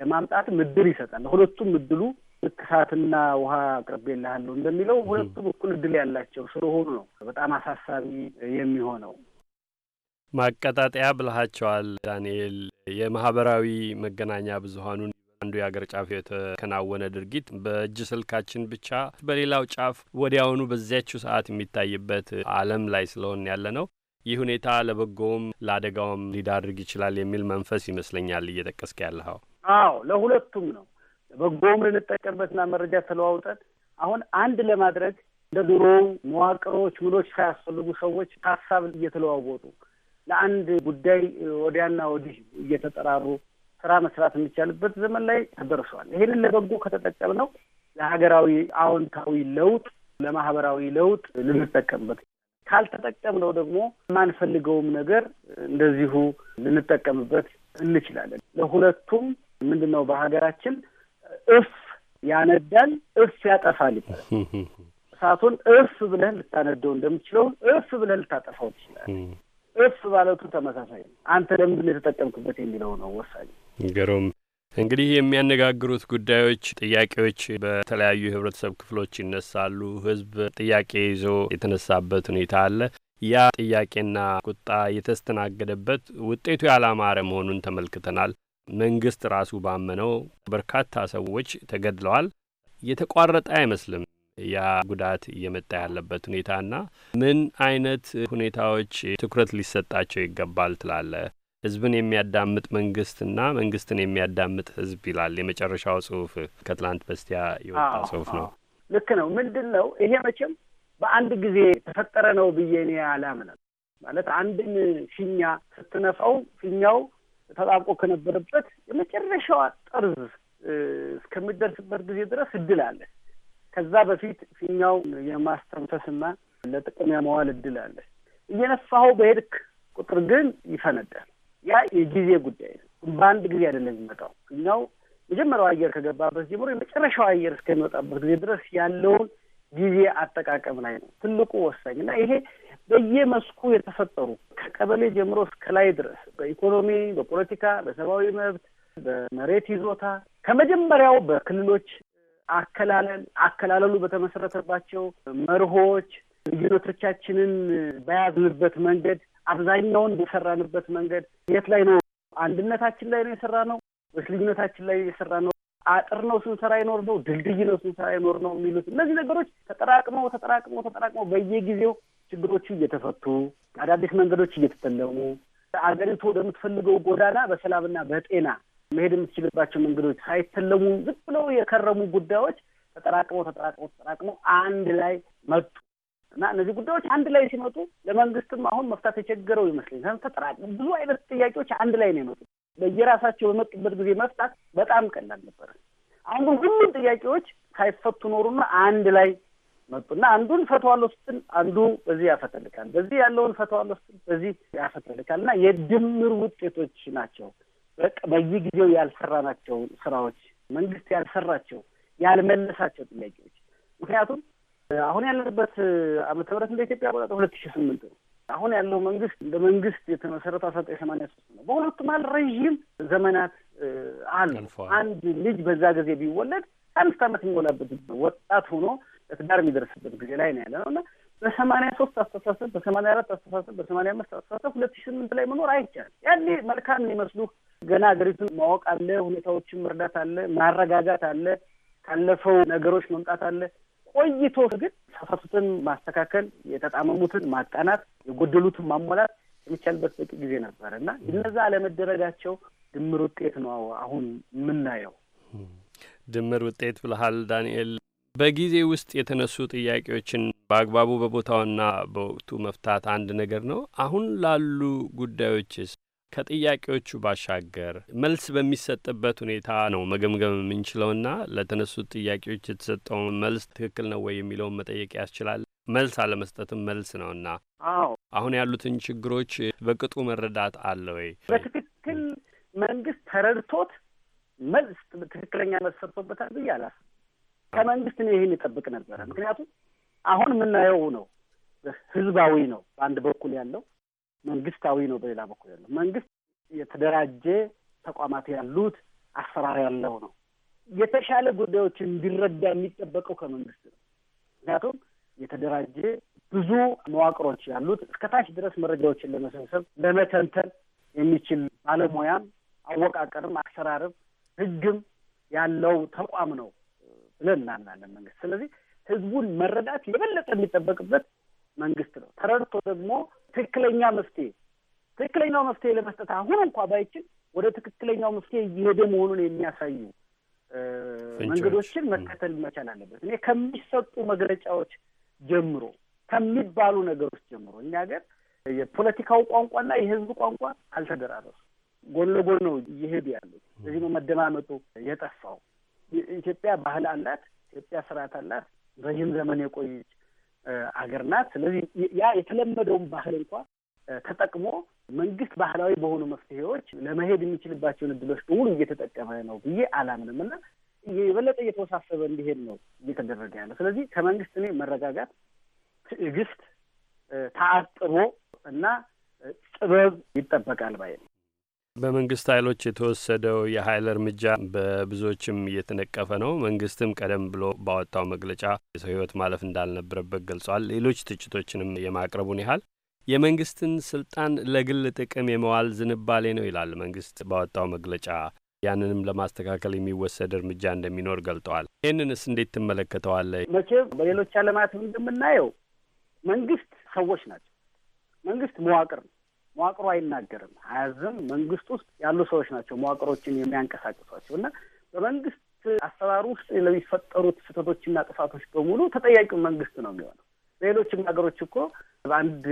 ለማምጣትም እድል ይሰጣል። ለሁለቱም እድሉ ልክ ውሃ አቅርቤልሃለሁ እንደሚለው ሁለቱም እኩል እድል ያላቸው ስለሆኑ ነው በጣም አሳሳቢ የሚሆነው።
ማቀጣጠያ ብልሃቸዋል ዳንኤል። የማህበራዊ መገናኛ ብዙሀኑን አንዱ የአገር ጫፍ የተከናወነ ድርጊት በእጅ ስልካችን ብቻ በሌላው ጫፍ ወዲያውኑ በዚያችው ሰዓት የሚታይበት ዓለም ላይ ስለሆን ያለ ነው። ይህ ሁኔታ ለበጎውም ለአደጋውም ሊዳርግ ይችላል የሚል መንፈስ ይመስለኛል እየጠቀስክ ያለኸው።
አዎ ለሁለቱም ነው። በጎ ልንጠቀምበትና መረጃ ተለዋውጠን አሁን አንድ ለማድረግ እንደ ድሮው መዋቅሮች ምኖች ሳያስፈልጉ ሰዎች ሀሳብ እየተለዋወጡ ለአንድ ጉዳይ ወዲያና ወዲህ እየተጠራሩ ስራ መስራት የሚቻልበት ዘመን ላይ ተደርሷል። ይሄንን ለበጎ ከተጠቀምነው ለሀገራዊ አዎንታዊ ለውጥ፣ ለማህበራዊ ለውጥ ልንጠቀምበት ካልተጠቀምነው ደግሞ የማንፈልገውም ነገር እንደዚሁ ልንጠቀምበት እንችላለን። ለሁለቱም ምንድን ነው በሀገራችን እፍ ያነዳል፣ እፍ ያጠፋል ይባላል። እሳቱን እፍ ብለህ ልታነደው እንደምትችለው እፍ ብለህ ልታጠፋው ትችላል። እፍ ማለቱ ተመሳሳይ ነው። አንተ ለምንድን ነው የተጠቀምክበት የሚለው ነው ወሳኝ።
ገሮም እንግዲህ የሚያነጋግሩት ጉዳዮች፣ ጥያቄዎች በተለያዩ የህብረተሰብ ክፍሎች ይነሳሉ። ህዝብ ጥያቄ ይዞ የተነሳበት ሁኔታ አለ። ያ ጥያቄና ቁጣ የተስተናገደበት ውጤቱ ያላማረ መሆኑን ተመልክተናል። መንግስት ራሱ ባመነው በርካታ ሰዎች ተገድለዋል። የተቋረጠ አይመስልም ያ ጉዳት እየመጣ ያለበት ሁኔታና ምን አይነት ሁኔታዎች ትኩረት ሊሰጣቸው ይገባል ትላለ? ህዝብን የሚያዳምጥ መንግስትና መንግስትን የሚያዳምጥ ህዝብ ይላል የመጨረሻው ጽሁፍ፣ ከትላንት በስቲያ የወጣ ጽሁፍ ነው።
ልክ ነው። ምንድን ነው ይሄ? መቼም በአንድ ጊዜ ተፈጠረ ነው ብዬ እኔ አላምንም። ማለት አንድን ፊኛ ስትነፋው ፊኛው ተጣብቆ ከነበረበት የመጨረሻዋ ጠርዝ እስከሚደርስበት ጊዜ ድረስ እድል አለ። ከዛ በፊት ፊኛው የማስተንፈስና ለጥቅም የመዋል እድል አለ። እየነፋኸው በሄድክ ቁጥር ግን ይፈነዳል። ያ የጊዜ ጉዳይ ነው። በአንድ ጊዜ አይደለም የሚመጣው። ፊኛው መጀመሪያው አየር ከገባበት ጀምሮ የመጨረሻው አየር እስከሚወጣበት ጊዜ ድረስ ያለውን ጊዜ አጠቃቀም ላይ ነው ትልቁ ወሳኝ እና ይሄ በየመስኩ የተፈጠሩ ከቀበሌ ጀምሮ እስከ ላይ ድረስ በኢኮኖሚ፣ በፖለቲካ፣ በሰብአዊ መብት፣ በመሬት ይዞታ ከመጀመሪያው በክልሎች አከላለል አከላለሉ በተመሰረተባቸው መርሆች ልዩነቶቻችንን በያዝንበት መንገድ አብዛኛውን የሰራንበት መንገድ የት ላይ ነው? አንድነታችን ላይ ነው የሰራ ነው ወይስ ልዩነታችን ላይ የሰራ ነው? አጥር ነው ስንሰራ ይኖር ነው? ድልድይ ነው ስንሰራ ይኖር ነው? የሚሉት እነዚህ ነገሮች ተጠራቅመው ተጠራቅመው ተጠራቅመው በየጊዜው ችግሮቹ እየተፈቱ አዳዲስ መንገዶች እየተጠለሙ አገሪቱ ወደምትፈልገው ጎዳና በሰላምና በጤና መሄድ የምትችልባቸው መንገዶች ሳይተለሙ ዝም ብለው የከረሙ ጉዳዮች ተጠራቅመው ተጠራቅመው ተጠራቅመው አንድ ላይ መጡ እና እነዚህ ጉዳዮች አንድ ላይ ሲመጡ ለመንግስትም አሁን መፍታት የቸገረው ይመስለኛል። ተጠራቅ ብዙ አይነት ጥያቄዎች አንድ ላይ ነው የመጡት። በየራሳቸው በመጡበት ጊዜ መፍታት በጣም ቀላል ነበር። አሁን ግን ሁሉም ጥያቄዎች ሳይፈቱ ኖሩና አንድ ላይ መጡ እና አንዱን ፈተዋለሁ ስትል አንዱ በዚህ ያፈተልካል፣ በዚህ ያለውን ፈተዋለሁ ስትል በዚህ ያፈተልካል እና የድምር ውጤቶች ናቸው። በቃ በየጊዜው ናቸው ስራዎች፣ መንግስት ያልሰራቸው ያልመለሳቸው ጥያቄዎች። ምክንያቱም አሁን ያለንበት ዓመተ ምህረት እንደ ኢትዮጵያ አቆጣጠር ሁለት ሺህ ስምንት ነው። አሁን ያለው መንግስት እንደ መንግስት የተመሰረተ አስራ ዘጠኝ ሰማንያ ሶስት ነው። በሁለቱ አል ረዥም ዘመናት አሉ። አንድ ልጅ በዛ ጊዜ ቢወለድ አምስት ዓመት የሚሞላበት ወጣት ሆኖ ለትዳር የሚደርስበት ጊዜ ላይ ነው ያለ ነው እና በሰማኒያ ሶስት አስተሳሰብ በሰማኒያ አራት አስተሳሰብ በሰማኒያ አምስት አስተሳሰብ ሁለት ሺ ስምንት ላይ መኖር አይቻልም። ያኔ መልካም የሚመስሉ ገና ሀገሪቱን ማወቅ አለ፣ ሁኔታዎችን መርዳት አለ፣ ማረጋጋት አለ፣ ካለፈው ነገሮች መምጣት አለ። ቆይቶ ግን ሳሳቱትን ማስተካከል፣ የተጣመሙትን ማቃናት፣ የጎደሉትን ማሟላት የሚቻልበት በቂ ጊዜ ነበር እና እነዛ አለመደረጋቸው ድምር ውጤት ነው አሁን የምናየው
ድምር ውጤት ብለሃል ዳንኤል። በጊዜ ውስጥ የተነሱ ጥያቄዎችን በአግባቡ በቦታውና በወቅቱ መፍታት አንድ ነገር ነው። አሁን ላሉ ጉዳዮችስ ከጥያቄዎቹ ባሻገር መልስ በሚሰጥበት ሁኔታ ነው መገምገም የምንችለውና ለተነሱት ጥያቄዎች የተሰጠውን መልስ ትክክል ነው ወይ የሚለውን መጠየቅ ያስችላል። መልስ አለመስጠትም መልስ ነውና። አዎ አሁን ያሉትን ችግሮች በቅጡ መረዳት አለ ወይ?
በትክክል መንግስት ተረድቶት መልስ ትክክለኛ መልስ ሰጥቶበታል ብዬ አላስብም። ከመንግስት እኔ ይህን ይጠብቅ ነበረ። ምክንያቱም አሁን የምናየው ነው፣ ህዝባዊ ነው በአንድ በኩል ያለው፣ መንግስታዊ ነው በሌላ በኩል ያለው። መንግስት የተደራጀ ተቋማት ያሉት አሰራር ያለው ነው። የተሻለ ጉዳዮች እንዲረዳ የሚጠበቀው ከመንግስት ነው። ምክንያቱም የተደራጀ ብዙ መዋቅሮች ያሉት እስከታች ድረስ መረጃዎችን ለመሰብሰብ ለመተንተን የሚችል ባለሙያም አወቃቀርም አሰራርም ህግም ያለው ተቋም ነው ብለን እናምናለን መንግስት። ስለዚህ ህዝቡን መረዳት የበለጠ የሚጠበቅበት መንግስት ነው። ተረድቶ ደግሞ ትክክለኛ መፍትሄ ትክክለኛው መፍትሄ ለመስጠት አሁን እንኳ ባይችል ወደ ትክክለኛው መፍትሄ እየሄደ መሆኑን የሚያሳዩ መንገዶችን መከተል መቻል አለበት። እኔ ከሚሰጡ መግለጫዎች ጀምሮ ከሚባሉ ነገሮች ጀምሮ እኛ ሀገር የፖለቲካው ቋንቋና የህዝብ ቋንቋ አልተደራረሱ ጎን ለጎን ነው እየሄዱ ያሉት። ስለዚህ ነው መደማመጡ የጠፋው። ኢትዮጵያ ባህል አላት። ኢትዮጵያ ስርዓት አላት። ረዥም ዘመን የቆየች ሀገር ናት። ስለዚህ ያ የተለመደውን ባህል እንኳ ተጠቅሞ መንግስት ባህላዊ በሆኑ መፍትሄዎች ለመሄድ የሚችልባቸውን እድሎች በሙሉ እየተጠቀመ ነው ብዬ አላምንም እና የበለጠ እየተወሳሰበ እንዲሄድ ነው እየተደረገ ያለው። ስለዚህ ከመንግስት እኔ መረጋጋት፣ ትዕግስት፣ ተአጥሮ እና ጥበብ ይጠበቃል ባይ ነው።
በመንግስት ኃይሎች የተወሰደው የኃይል እርምጃ በብዙዎችም እየተነቀፈ ነው። መንግስትም ቀደም ብሎ ባወጣው መግለጫ የሰው ህይወት ማለፍ እንዳልነበረበት ገልጿል። ሌሎች ትችቶችንም የማቅረቡን ያህል የመንግስትን ስልጣን ለግል ጥቅም የመዋል ዝንባሌ ነው ይላል መንግስት ባወጣው መግለጫ። ያንንም ለማስተካከል የሚወሰድ እርምጃ እንደሚኖር ገልጠዋል። ይህንንስ እንዴት ትመለከተዋለህ?
መቼም በሌሎች አለማትም እንደምናየው መንግስት ሰዎች ናቸው። መንግስት መዋቅር ነው። መዋቅሩ አይናገርም። ሀያዝም መንግስት ውስጥ ያሉ ሰዎች ናቸው መዋቅሮችን የሚያንቀሳቅሷቸው እና በመንግስት አሰራር ውስጥ ለሚፈጠሩት ስህተቶችና ጥፋቶች በሙሉ ተጠያቂው መንግስት ነው የሚሆነው። ሌሎችም ሀገሮች እኮ በአንድ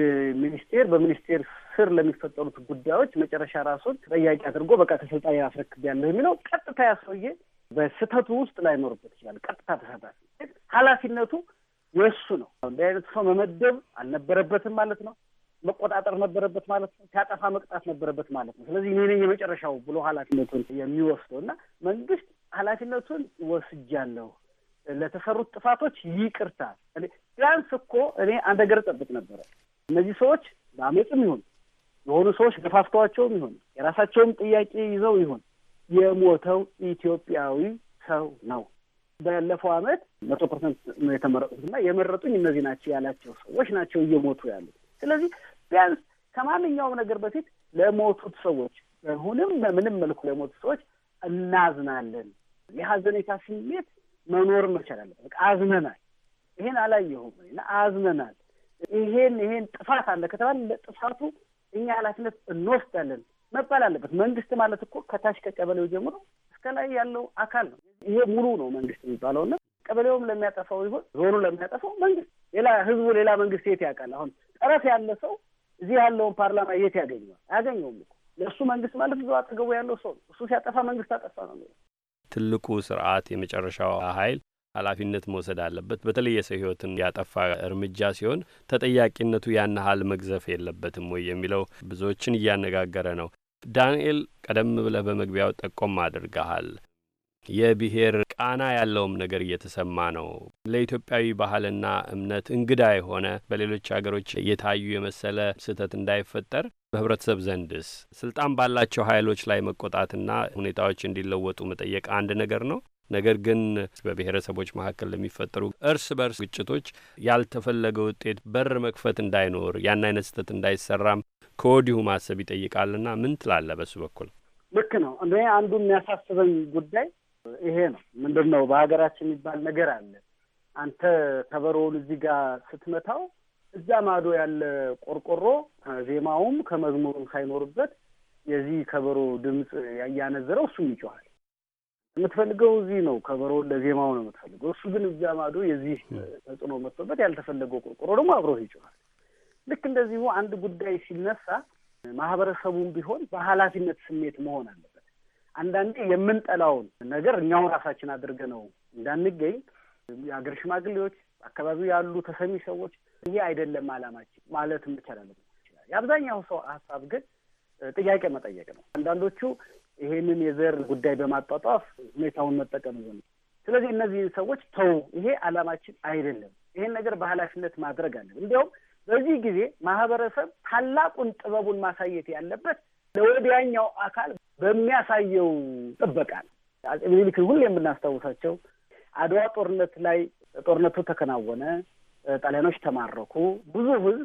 ሚኒስቴር በሚኒስቴር ስር ለሚፈጠሩት ጉዳዮች መጨረሻ ራሱን ተጠያቂ አድርጎ በቃ ተሰልጣኝ አስረክቤያለሁ የሚለው ቀጥታ ያሰውዬ በስህተቱ ውስጥ ላይኖርበት ይችላል። ቀጥታ ተሳታፊ ኃላፊነቱ የእሱ ነው። እንዲህ አይነት ሰው መመደብ አልነበረበትም ማለት ነው። መቆጣጠር ነበረበት ማለት ነው። ሲያጠፋ መቅጣት ነበረበት ማለት ነው። ስለዚህ እኔ ነኝ የመጨረሻው ብሎ ኃላፊነቱን የሚወስደው እና መንግስት ኃላፊነቱን ወስጃለሁ፣ ለተሰሩት ጥፋቶች ይቅርታ። ቢያንስ እኮ እኔ አንድ ነገር ጠብቅ ነበረ። እነዚህ ሰዎች በአመፅም ይሁን የሆኑ ሰዎች ገፋፍተዋቸውም ይሁን የራሳቸውም ጥያቄ ይዘው ይሁን የሞተው ኢትዮጵያዊ ሰው ነው። ባለፈው አመት መቶ ፐርሰንት ነው እና የመረጡኝ እነዚህ ናቸው ያላቸው ሰዎች ናቸው እየሞቱ ያሉት። ስለዚህ ቢያንስ ከማንኛውም ነገር በፊት ለሞቱት ሰዎች በሁንም በምንም መልኩ ለሞቱት ሰዎች እናዝናለን። የሀዘኔታ ስሜት መኖር መቻል አለ። አዝነናል። ይሄን አላየሁም እና አዝነናል። ይሄን ይሄን ጥፋት አለ ከተባለ ለጥፋቱ እኛ ኃላፊነት እንወስዳለን መባል አለበት። መንግስት ማለት እኮ ከታች ከቀበሌው ጀምሮ እስከ ላይ ያለው አካል ነው። ይሄ ሙሉ ነው መንግስት የሚባለውና ቀበሌውም ለሚያጠፋው ይሆን ዞኑ ለሚያጠፋው መንግስት ሌላ ህዝቡ ሌላ መንግስት የት ያውቃል? አሁን ጠረፍ ያለ ሰው እዚህ ያለውን ፓርላማ የት ያገኘዋል? አያገኘውም እኮ ለእሱ መንግስት ማለት እዛው አጠገቡ ያለው ሰው ነው። እሱ ሲያጠፋ መንግስት አጠፋ ነው የሚለው
ትልቁ ስርዓት የመጨረሻው ኃይል ኃላፊነት መውሰድ አለበት። በተለይ የሰው ህይወትን ያጠፋ እርምጃ ሲሆን ተጠያቂነቱ ያን ሀል መግዘፍ የለበትም ወይ የሚለው ብዙዎችን እያነጋገረ ነው። ዳንኤል፣ ቀደም ብለህ በመግቢያው ጠቆም አድርገሃል። የብሔር ቃና ያለውም ነገር እየተሰማ ነው። ለኢትዮጵያዊ ባህልና እምነት እንግዳ የሆነ በሌሎች ሀገሮች የታዩ የመሰለ ስህተት እንዳይፈጠር በህብረተሰብ ዘንድስ ስልጣን ባላቸው ኃይሎች ላይ መቆጣትና ሁኔታዎች እንዲለወጡ መጠየቅ አንድ ነገር ነው። ነገር ግን በብሔረሰቦች መካከል ለሚፈጠሩ እርስ በርስ ግጭቶች ያልተፈለገ ውጤት በር መክፈት እንዳይኖር ያን አይነት ስህተት እንዳይሰራም ከወዲሁ ማሰብ ይጠይቃልና ምን ትላለ? በሱ በኩል
ልክ ነው። እኔ አንዱ የሚያሳስበኝ ጉዳይ ይሄ ነው። ምንድን ነው በሀገራችን የሚባል ነገር አለ። አንተ ከበሮውን እዚህ ጋር ስትመታው እዛ ማዶ ያለ ቆርቆሮ ከዜማውም ከመዝሙሩም ሳይኖርበት የዚህ ከበሮ ድምፅ ያያነዘረው እሱም ይጮኋል። የምትፈልገው እዚህ ነው፣ ከበሮውን ለዜማው ነው የምትፈልገው። እሱ ግን እዛ ማዶ የዚህ ተጽዕኖ መጥቶበት ያልተፈለገው ቆርቆሮ ደግሞ አብሮ ይጮኋል። ልክ እንደዚሁ አንድ ጉዳይ ሲነሳ ማህበረሰቡም ቢሆን በኃላፊነት ስሜት መሆን አለ አንዳንዴ የምንጠላውን ነገር እኛው ራሳችን አድርገ ነው እንዳንገኝ የሀገር ሽማግሌዎች፣ አካባቢው ያሉ ተሰሚ ሰዎች ይሄ አይደለም አላማችን ማለት እንችላለን። የአብዛኛው ሰው ሀሳብ ግን ጥያቄ መጠየቅ ነው። አንዳንዶቹ ይሄንን የዘር ጉዳይ በማጧጧፍ ሁኔታውን መጠቀም ይሆናል። ስለዚህ እነዚህን ሰዎች ተው፣ ይሄ አላማችን አይደለም፣ ይሄን ነገር በኃላፊነት ማድረግ አለን። እንዲያውም በዚህ ጊዜ ማህበረሰብ ታላቁን ጥበቡን ማሳየት ያለበት ለወዲያኛው አካል በሚያሳየው ጥበቃ ነው። አጼ ሁሌ የምናስታውሳቸው አድዋ ጦርነት ላይ ጦርነቱ ተከናወነ፣ ጣሊያኖች ተማረኩ። ብዙ ህዝብ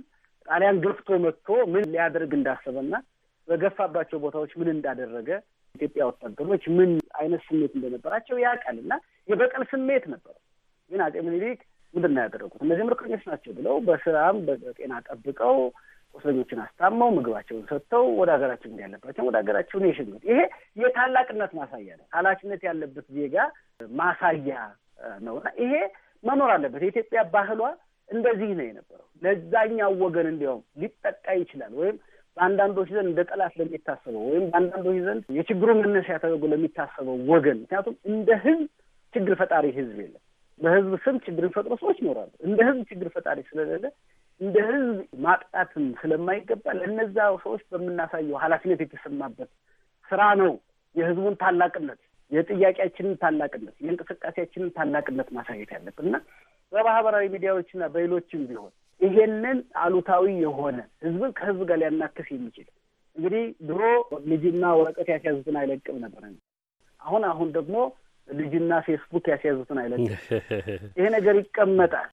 ጣሊያን ገፍቶ መጥቶ ምን ሊያደርግ እንዳሰበና በገፋባቸው ቦታዎች ምን እንዳደረገ ኢትዮጵያ ወታደሮች ምን አይነት ስሜት እንደነበራቸው ያውቃል እና የበቀል ስሜት ነበር። ግን አጼ ምኒልክ ምንድን ነው ያደረጉት? እነዚህ ምርኮኞች ናቸው ብለው በስራም በጤና ጠብቀው ቁስለኞችን አስታመው ምግባቸውን ሰጥተው ወደ ሀገራቸው እንዲያለባቸው ወደ ሀገራቸው ነው የሸኙት። ይሄ የታላቅነት ማሳያ ነው። ኃላፊነት ያለበት ዜጋ ማሳያ ነውና ይሄ መኖር አለበት። የኢትዮጵያ ባህሏ እንደዚህ ነው የነበረው። ለዛኛው ወገን እንዲያውም ሊጠቃ ይችላል ወይም በአንዳንዶች ዘንድ እንደ ጠላት ለሚታሰበው ወይም በአንዳንዶች ዘንድ የችግሩ መነሻ ተደርጎ ለሚታሰበው ወገን ምክንያቱም እንደ ህዝብ ችግር ፈጣሪ ህዝብ የለም። በህዝብ ስም ችግርን ፈጥሮ ሰዎች ይኖራሉ። እንደ ህዝብ ችግር ፈጣሪ ስለሌለ እንደ ህዝብ ማጥቃትም ስለማይገባ ለነዛ ሰዎች በምናሳየው ኃላፊነት የተሰማበት ስራ ነው የህዝቡን ታላቅነት የጥያቄያችንን ታላቅነት የእንቅስቃሴያችንን ታላቅነት ማሳየት ያለብን እና በማህበራዊ ሚዲያዎችና በሌሎችም ቢሆን ይሄንን አሉታዊ የሆነ ህዝብን ከህዝብ ጋር ሊያናክስ የሚችል እንግዲህ ድሮ ልጅና ወረቀት ያስያዙትን አይለቅም ነበር። አሁን አሁን ደግሞ ልጅና ፌስቡክ ያስያዙትን አይለቅም። ይሄ ነገር ይቀመጣል፣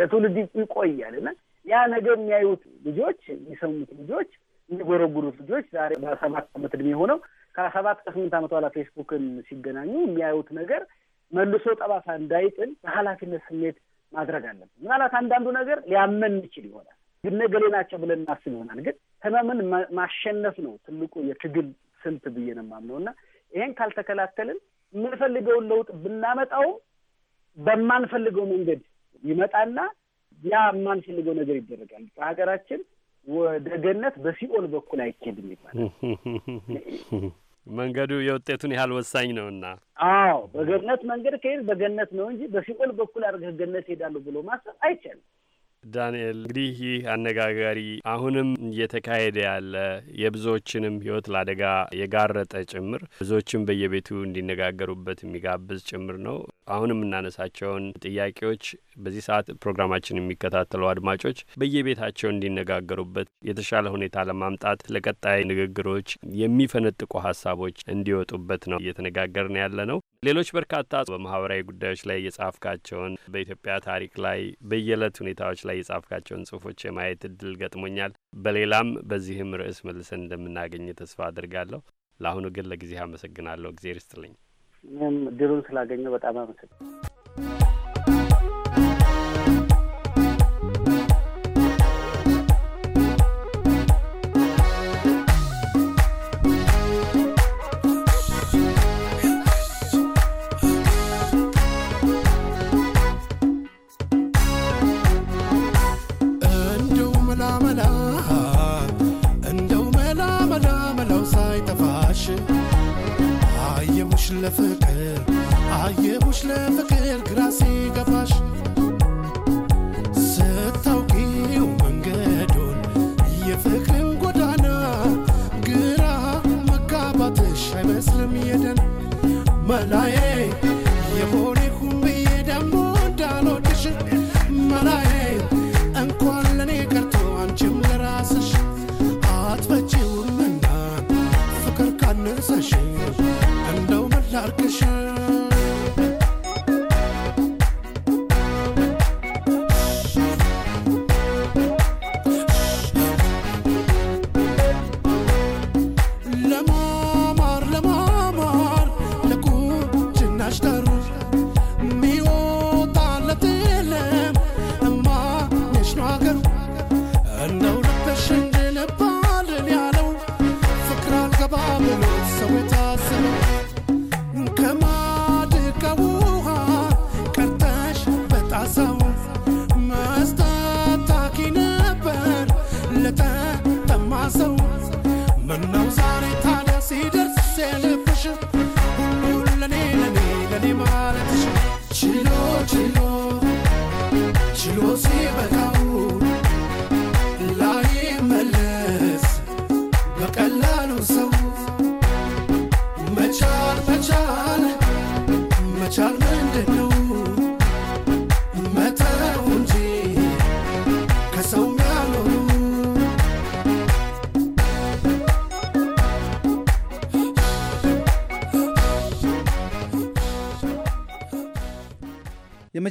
ለትውልድ ይቆያል እና ያ ነገር የሚያዩት ልጆች፣ የሚሰሙት ልጆች፣ የሚጎረጉሩት ልጆች ዛሬ በሰባት ዓመት እድሜ ሆነው ከሰባት ከስምንት ዓመት በኋላ ፌስቡክን ሲገናኙ የሚያዩት ነገር መልሶ ጠባሳ እንዳይጥል በኃላፊነት ስሜት ማድረግ አለብን። ምናልባት አንዳንዱ ነገር ሊያመን ይችል ይሆናል ግን ነገሌ ናቸው ብለን እናስብ ይሆናል። ግን ህመምን ማሸነፍ ነው ትልቁ የትግል ስልት ብዬ ነው የማምነው እና ይሄን ካልተከላከልን የምንፈልገውን ለውጥ ብናመጣውም በማንፈልገው መንገድ ይመጣና ያ የማንፈልገው ነገር ይደረጋል። በሀገራችን ወደ ገነት በሲኦል በኩል አይኬድም
ይባላል።
መንገዱ የውጤቱን ያህል ወሳኝ ነውና።
አዎ በገነት መንገድ ከሄድ በገነት ነው እንጂ በሲኦል በኩል አድርገህ ገነት ሄዳሉ ብሎ ማሰብ አይቻልም።
ዳንኤል እንግዲህ ይህ አነጋጋሪ አሁንም እየተካሄደ ያለ የብዙዎችንም ሕይወት ለአደጋ የጋረጠ ጭምር ብዙዎችም በየቤቱ እንዲነጋገሩበት የሚጋብዝ ጭምር ነው። አሁንም የምናነሳቸውን ጥያቄዎች በዚህ ሰዓት ፕሮግራማችን የሚከታተሉ አድማጮች በየቤታቸው እንዲነጋገሩበት የተሻለ ሁኔታ ለማምጣት ለቀጣይ ንግግሮች የሚፈነጥቁ ሀሳቦች እንዲወጡበት ነው እየተነጋገርን ያለ ነው። ሌሎች በርካታ በማህበራዊ ጉዳዮች ላይ የጻፍካቸውን በኢትዮጵያ ታሪክ ላይ በየዕለት ሁኔታዎች ላይ የጻፍካቸውን ጽሁፎች የማየት እድል ገጥሞኛል። በሌላም በዚህም ርዕስ መልሰን እንደምናገኝ ተስፋ አድርጋለሁ። ለአሁኑ ግን ለጊዜ አመሰግናለሁ። እግዜር ይስጥልኝ።
ድሉን ስላገኘው በጣም አመሰግናለሁ።
አየሁሽ ለፍቅር አየሁሽ ለፍቅር ግራ ሲገባሽ ስታውቂው መንገዱን የፍቅርን ጎዳና ግራ መጋባትሽ አይመስልም የደን መላየ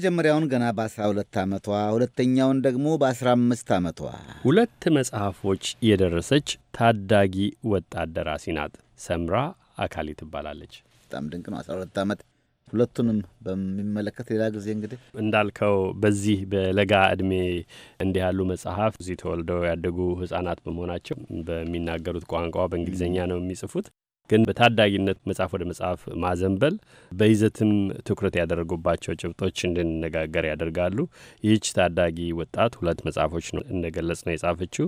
የመጀመሪያውን ገና በ12 ዓመቷ ሁለተኛውን ደግሞ በ15 ዓመቷ
ሁለት መጽሐፎች የደረሰች ታዳጊ ወጣት ደራሲ ናት። ሰምራ አካሌ ትባላለች። በጣም ድንቅ ነው። 12 ዓመት ሁለቱንም በሚመለከት ሌላ ጊዜ እንግዲህ እንዳልከው በዚህ በለጋ እድሜ እንዲህ ያሉ መጽሐፍ እዚህ ተወልደው ያደጉ ህጻናት በመሆናቸው በሚናገሩት ቋንቋ በእንግሊዝኛ ነው የሚጽፉት። ግን በታዳጊነት መጽሐፍ ወደ መጽሐፍ ማዘንበል በይዘትም ትኩረት ያደረጉባቸው ጭብጦች እንድንነጋገር ያደርጋሉ። ይህች ታዳጊ ወጣት ሁለት መጽሐፎች እንደገለጽ ነው የጻፈችው።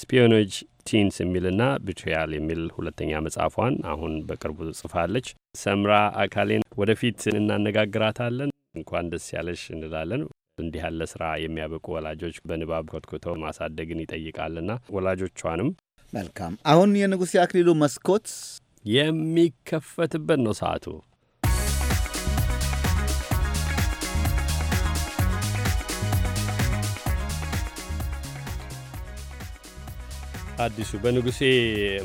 ስፒዮኖጅ ቲንስ የሚልና ቢትሪያል የሚል ሁለተኛ መጽሐፏን አሁን በቅርቡ ጽፋለች። ሰምራ አካሌን ወደፊት እናነጋግራታለን። እንኳን ደስ ያለሽ እንላለን። እንዲህ ያለ ስራ የሚያበቁ ወላጆች በንባብ ኮትኩተው ማሳደግን ይጠይቃልና ወላጆቿንም መልካም። አሁን የንጉሴ አክሊሉ መስኮት የሚከፈትበት ነው ሰዓቱ። አዲሱ በንጉሴ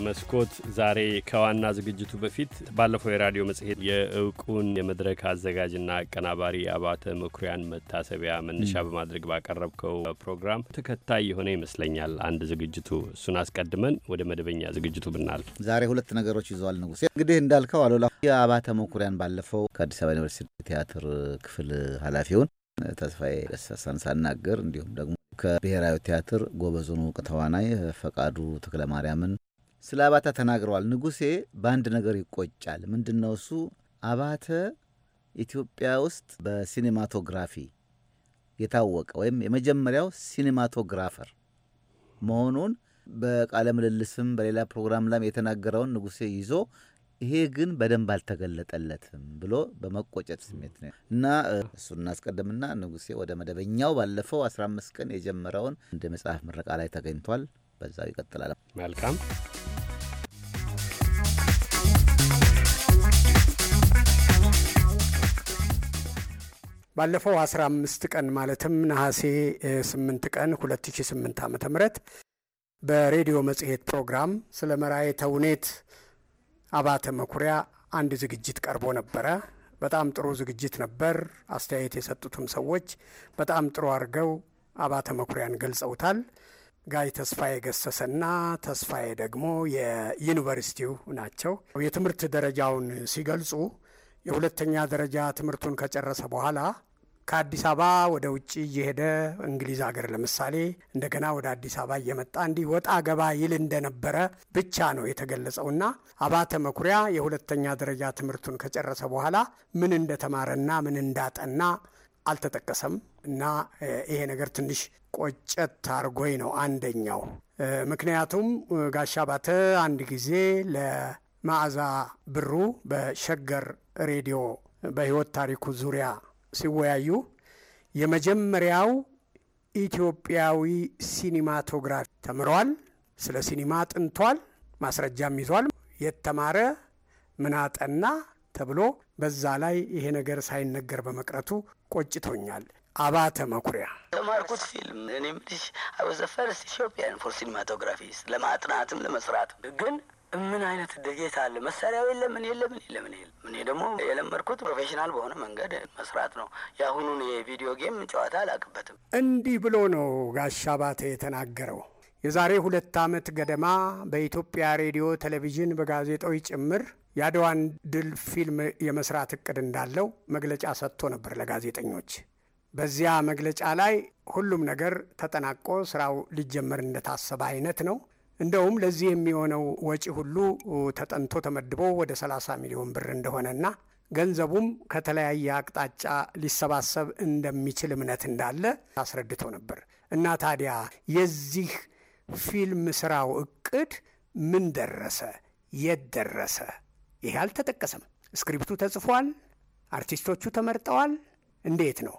መስኮት ዛሬ ከዋና ዝግጅቱ በፊት ባለፈው የራዲዮ መጽሔት የእውቁን የመድረክ አዘጋጅና አቀናባሪ አባተ መኩሪያን መታሰቢያ መነሻ በማድረግ ባቀረብከው ፕሮግራም ተከታይ የሆነ ይመስለኛል አንድ ዝግጅቱ። እሱን አስቀድመን ወደ መደበኛ ዝግጅቱ ብናልፍ
ዛሬ ሁለት ነገሮች ይዘዋል ንጉሴ። እንግዲህ እንዳልከው አሉላ የአባተ መኩሪያን ባለፈው ከአዲስ አበባ ዩኒቨርሲቲ ቲያትር ክፍል ኃላፊውን ተስፋዬ ገሰሰን ሳናገር እንዲሁም ደግሞ ከብሔራዊ ቲያትር ጎበዙን እውቅ ተዋናይ ፈቃዱ ተክለ ማርያምን ስለ አባተ ተናግረዋል። ንጉሴ በአንድ ነገር ይቆጫል። ምንድን ነው እሱ? አባተ ኢትዮጵያ ውስጥ በሲኔማቶግራፊ የታወቀ ወይም የመጀመሪያው ሲኔማቶግራፈር መሆኑን በቃለ ምልልስም በሌላ ፕሮግራም ላም የተናገረውን ንጉሴ ይዞ ይሄ ግን በደንብ አልተገለጠለትም ብሎ በመቆጨት ስሜት ነው እና እሱ እናስቀድምና ንጉሴ ወደ መደበኛው ባለፈው 15 ቀን የጀመረውን እንደ መጽሐፍ ምረቃ ላይ ተገኝቷል። በዛው ይቀጥላል። መልካም
ባለፈው 15 ቀን ማለትም ነሐሴ 8 ቀን 2008 ዓ ም በሬዲዮ መጽሔት ፕሮግራም ስለ መራዬ አባተ መኩሪያ አንድ ዝግጅት ቀርቦ ነበረ። በጣም ጥሩ ዝግጅት ነበር። አስተያየት የሰጡትም ሰዎች በጣም ጥሩ አድርገው አባተ መኩሪያን ገልጸውታል። ጋይ ተስፋዬ ገሰሰና ተስፋዬ ደግሞ የዩኒቨርሲቲው ናቸው። የትምህርት ደረጃውን ሲገልጹ የሁለተኛ ደረጃ ትምህርቱን ከጨረሰ በኋላ ከአዲስ አበባ ወደ ውጭ እየሄደ እንግሊዝ ሀገር ለምሳሌ እንደገና ወደ አዲስ አበባ እየመጣ እንዲህ ወጣ ገባ ይል እንደነበረ ብቻ ነው የተገለጸውና አባተ መኩሪያ የሁለተኛ ደረጃ ትምህርቱን ከጨረሰ በኋላ ምን እንደተማረና ምን እንዳጠና አልተጠቀሰም እና ይሄ ነገር ትንሽ ቆጨት አርጎኝ ነው አንደኛው። ምክንያቱም ጋሻ ባተ አንድ ጊዜ ለማዕዛ ብሩ በሸገር ሬዲዮ በህይወት ታሪኩ ዙሪያ ሲወያዩ የመጀመሪያው ኢትዮጵያዊ ሲኒማቶግራፊ ተምሯል። ስለ ሲኒማ ጥንቷል። ማስረጃም ይዟል። የተማረ ምናጠና ተብሎ በዛ ላይ ይሄ ነገር ሳይነገር በመቅረቱ ቆጭቶኛል። አባተ መኩሪያ
ተማርኩት ፊልም እኔ ምልሽ አበዘፈርስ ኢትዮጵያን ፎር ሲኒማቶግራፊ ለማጥናትም ለመስራት ግን ምን አይነት ደጌታ
አለ? መሳሪያው የለምን ምን የለምን ምን እኔ ደግሞ የለመድኩት ፕሮፌሽናል በሆነ መንገድ መስራት ነው። የአሁኑን የቪዲዮ ጌም ጨዋታ አላቅበትም።
እንዲህ ብሎ ነው ጋሻ ባተ የተናገረው። የዛሬ ሁለት ዓመት ገደማ በኢትዮጵያ ሬዲዮ ቴሌቪዥን፣ በጋዜጣዊ ጭምር የአድዋን ድል ፊልም የመስራት እቅድ እንዳለው መግለጫ ሰጥቶ ነበር ለጋዜጠኞች። በዚያ መግለጫ ላይ ሁሉም ነገር ተጠናቆ ስራው ሊጀመር እንደታሰበ አይነት ነው። እንደውም ለዚህ የሚሆነው ወጪ ሁሉ ተጠንቶ ተመድቦ ወደ 30 ሚሊዮን ብር እንደሆነና ገንዘቡም ከተለያየ አቅጣጫ ሊሰባሰብ እንደሚችል እምነት እንዳለ አስረድቶ ነበር እና ታዲያ የዚህ ፊልም ስራው እቅድ ምን ደረሰ? የት ደረሰ? ይህ አልተጠቀሰም። ስክሪፕቱ ተጽፏል። አርቲስቶቹ ተመርጠዋል። እንዴት ነው?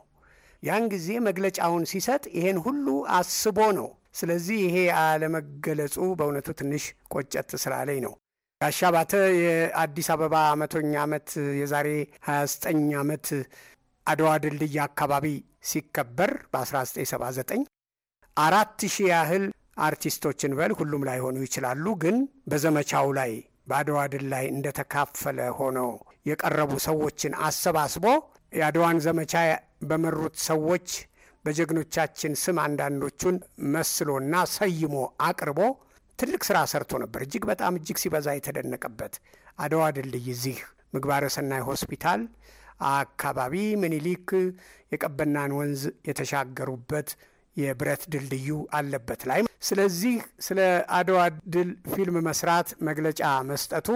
ያን ጊዜ መግለጫውን ሲሰጥ ይሄን ሁሉ አስቦ ነው ስለዚህ ይሄ አለመገለጹ በእውነቱ ትንሽ ቆጨት ስራ ላይ ነው። ጋሻ ባተ የአዲስ አበባ መቶኛ ዓመት የዛሬ 29 ዓመት አድዋ ድልድይ አካባቢ ሲከበር በ1979 አራት ሺህ ያህል አርቲስቶችን በል ሁሉም ላይ ሆኑ ይችላሉ፣ ግን በዘመቻው ላይ በአድዋ ድል ላይ እንደተካፈለ ሆነው የቀረቡ ሰዎችን አሰባስቦ የአድዋን ዘመቻ በመሩት ሰዎች በጀግኖቻችን ስም አንዳንዶቹን መስሎና ሰይሞ አቅርቦ ትልቅ ስራ ሰርቶ ነበር። እጅግ በጣም እጅግ ሲበዛ የተደነቀበት አድዋ ድልድይ እዚህ ምግባረ ሰናይ ሆስፒታል አካባቢ ምኒልክ የቀበናን ወንዝ የተሻገሩበት የብረት ድልድዩ አለበት ላይ። ስለዚህ ስለ አድዋ ድል ፊልም መስራት መግለጫ መስጠቱ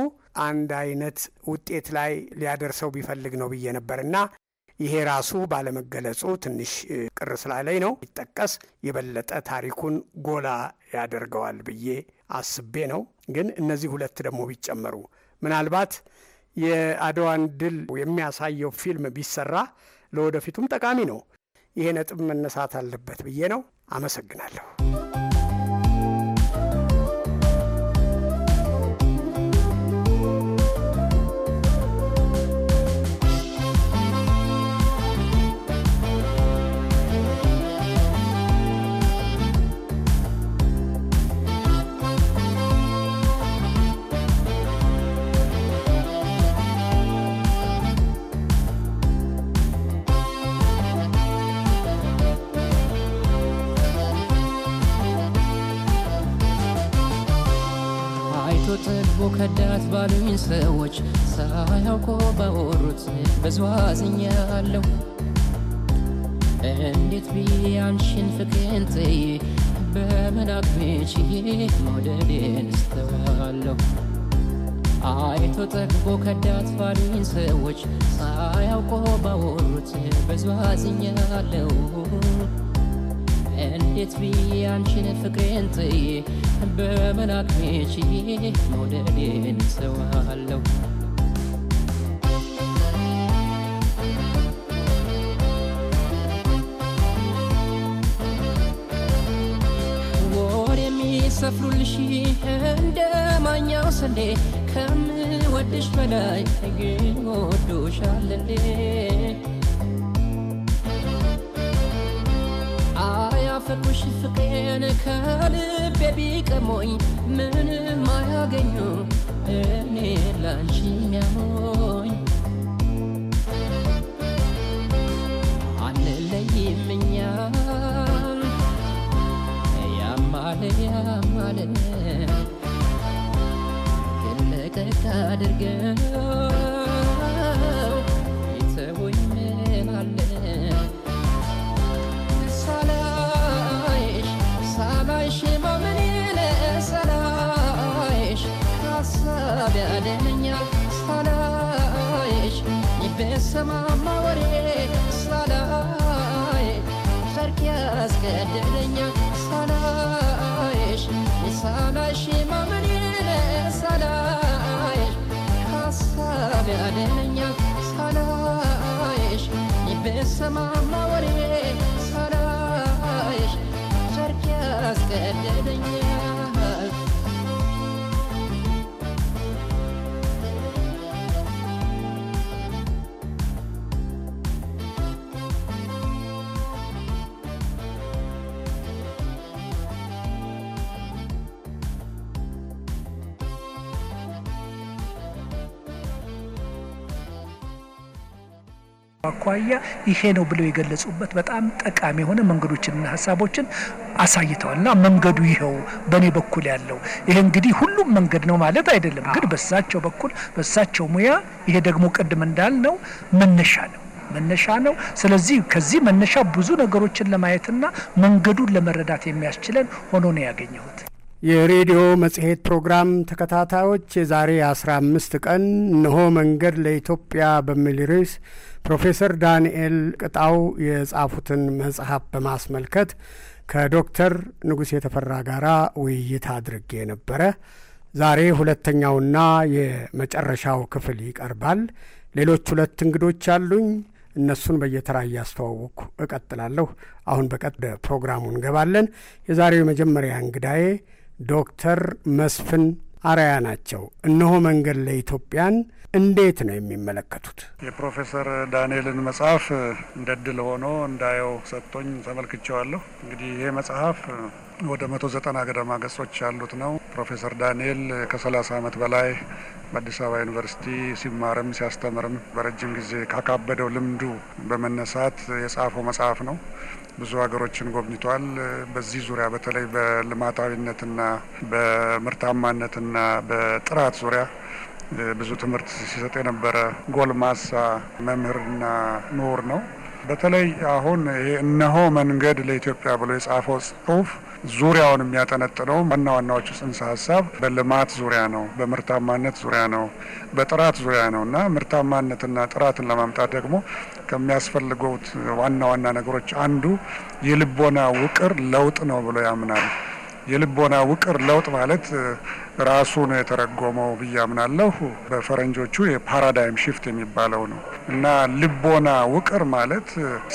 አንድ አይነት ውጤት ላይ ሊያደርሰው ቢፈልግ ነው ብዬ ነበርና ይሄ ራሱ ባለመገለጹ ትንሽ ቅር ስላለኝ ነው። ይጠቀስ የበለጠ ታሪኩን ጎላ ያደርገዋል ብዬ አስቤ ነው። ግን እነዚህ ሁለት ደግሞ ቢጨመሩ ምናልባት የአድዋን ድል የሚያሳየው ፊልም ቢሰራ ለወደፊቱም ጠቃሚ ነው። ይሄ ነጥብ መነሳት አለበት ብዬ ነው። አመሰግናለሁ።
ከዳት ባሉኝ ሰዎች ሳያውቆ ባወሩት ብዙ አዝኛለሁ። እንዴት ብዬ አንቺን ፍቅርን ጥዬ በመናቅ ችዬ መውደዴን እስተዋለሁ። አይቶ ጠግቦ ከዳት ባሉኝ ሰዎች ሳያውቆ ባወሩት ብዙ አዝኛለሁ። እንዴት ብዬ አንቺን ፍቅሬን ጥዬ በመላክ ችዬ መውደዴን ሰዋለሁ ወር የሚሰፍሩልሽ እንደ ማኛው ስንዴ ከምወድሽ በላይ ግን ወዶሻል እንዴ ናፈቁሽ ፍቅሬን ከልቤ ቢቀሞኝ ምንም አያገኙ እኔ ላንቺ አንለይም እኛ ያማለ ያማለ ግን ለቀቅ አድርገን አልሰማማ ወሬ ሳላይ ሰርክ ያስገደደኛ ሳላይሽ የሳላሽ ማመኔ ሳላይሽ ሀሳብ ያደረኛ ሳላይሽ ይበሰማማ ወሬ ሳላይሽ ሰርክ ያስገደ
አኳያ ይሄ ነው ብለው የገለጹበት በጣም ጠቃሚ የሆነ መንገዶችንና ሀሳቦችን አሳይተዋል እና መንገዱ ይኸው በእኔ በኩል ያለው ይሄ እንግዲህ ሁሉም መንገድ ነው ማለት አይደለም፣ ግን በሳቸው በኩል በሳቸው ሙያ ይሄ ደግሞ ቅድም እንዳልነው መነሻ ነው መነሻ ነው። ስለዚህ ከዚህ መነሻ ብዙ ነገሮችን ለማየትና መንገዱን ለመረዳት የሚያስችለን ሆኖ ነው ያገኘሁት። የሬዲዮ መጽሔት ፕሮግራም ተከታታዮች የዛሬ 15 ቀን እነሆ መንገድ ለኢትዮጵያ በሚል ርዕስ ፕሮፌሰር ዳንኤል ቅጣው የጻፉትን መጽሐፍ በማስመልከት ከዶክተር ንጉሥ የተፈራ ጋራ ውይይት አድርጌ ነበረ። ዛሬ ሁለተኛውና የመጨረሻው ክፍል ይቀርባል። ሌሎች ሁለት እንግዶች አሉኝ። እነሱን በየተራ እያስተዋወቅኩ እቀጥላለሁ። አሁን በቀጥ ፕሮግራሙ እንገባለን። የዛሬው የመጀመሪያ እንግዳዬ ዶክተር መስፍን አራያ ናቸው። እነሆ መንገድ ለኢትዮጵያን እንዴት ነው የሚመለከቱት?
የፕሮፌሰር ዳንኤልን መጽሐፍ እንደ ድል ሆኖ እንዳየው ሰጥቶኝ ተመልክቼዋለሁ። እንግዲህ ይሄ መጽሐፍ ወደ መቶ ዘጠና ገደማ ገጾች ያሉት ነው። ፕሮፌሰር ዳንኤል ከሰላሳ ዓመት በላይ በአዲስ አበባ ዩኒቨርሲቲ ሲማርም ሲያስተምርም በረጅም ጊዜ ካካበደው ልምዱ በመነሳት የጻፈው መጽሐፍ ነው። ብዙ ሀገሮችን ጎብኝቷል። በዚህ ዙሪያ በተለይ በልማታዊነትና በምርታማነትና በጥራት ዙሪያ ብዙ ትምህርት ሲሰጥ የነበረ ጎልማሳ መምህርና ምሁር ነው። በተለይ አሁን ይሄ እነሆ መንገድ ለኢትዮጵያ ብሎ የጻፈው ጽሁፍ ዙሪያውን የሚያጠነጥነው ዋና ዋናዎቹ ጽንሰ ሀሳብ በልማት ዙሪያ ነው፣ በምርታማነት ዙሪያ ነው፣ በጥራት ዙሪያ ነው እና ምርታማነትና ጥራትን ለማምጣት ደግሞ ከሚያስፈልጉት ዋና ዋና ነገሮች አንዱ የልቦና ውቅር ለውጥ ነው ብሎ ያምናል። የልቦና ውቅር ለውጥ ማለት ራሱ ነው የተረጎመው ብዬ አምናለሁ። በፈረንጆቹ የፓራዳይም ሽፍት የሚባለው ነው እና ልቦና ውቅር ማለት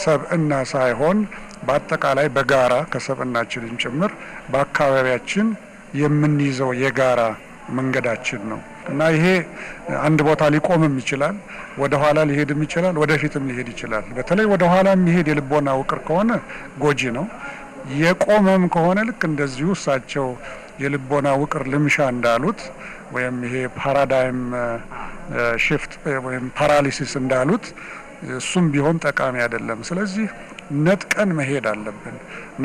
ሰብእና ሳይሆን በአጠቃላይ በጋራ ከሰብእናችንም ጭምር በአካባቢያችን የምንይዘው የጋራ መንገዳችን ነው እና ይሄ አንድ ቦታ ሊቆምም ይችላል፣ ወደ ኋላ ሊሄድም ይችላል፣ ወደፊትም ሊሄድ ይችላል። በተለይ ወደ ኋላ የሚሄድ የልቦና ውቅር ከሆነ ጎጂ ነው። የቆመም ከሆነ ልክ እንደዚሁ እሳቸው የልቦና ውቅር ልምሻ እንዳሉት ወይም ይሄ ፓራዳይም ሽፍት ወይም ፓራሊሲስ እንዳሉት እሱም ቢሆን ጠቃሚ አይደለም። ስለዚህ ነጥቀን መሄድ አለብን።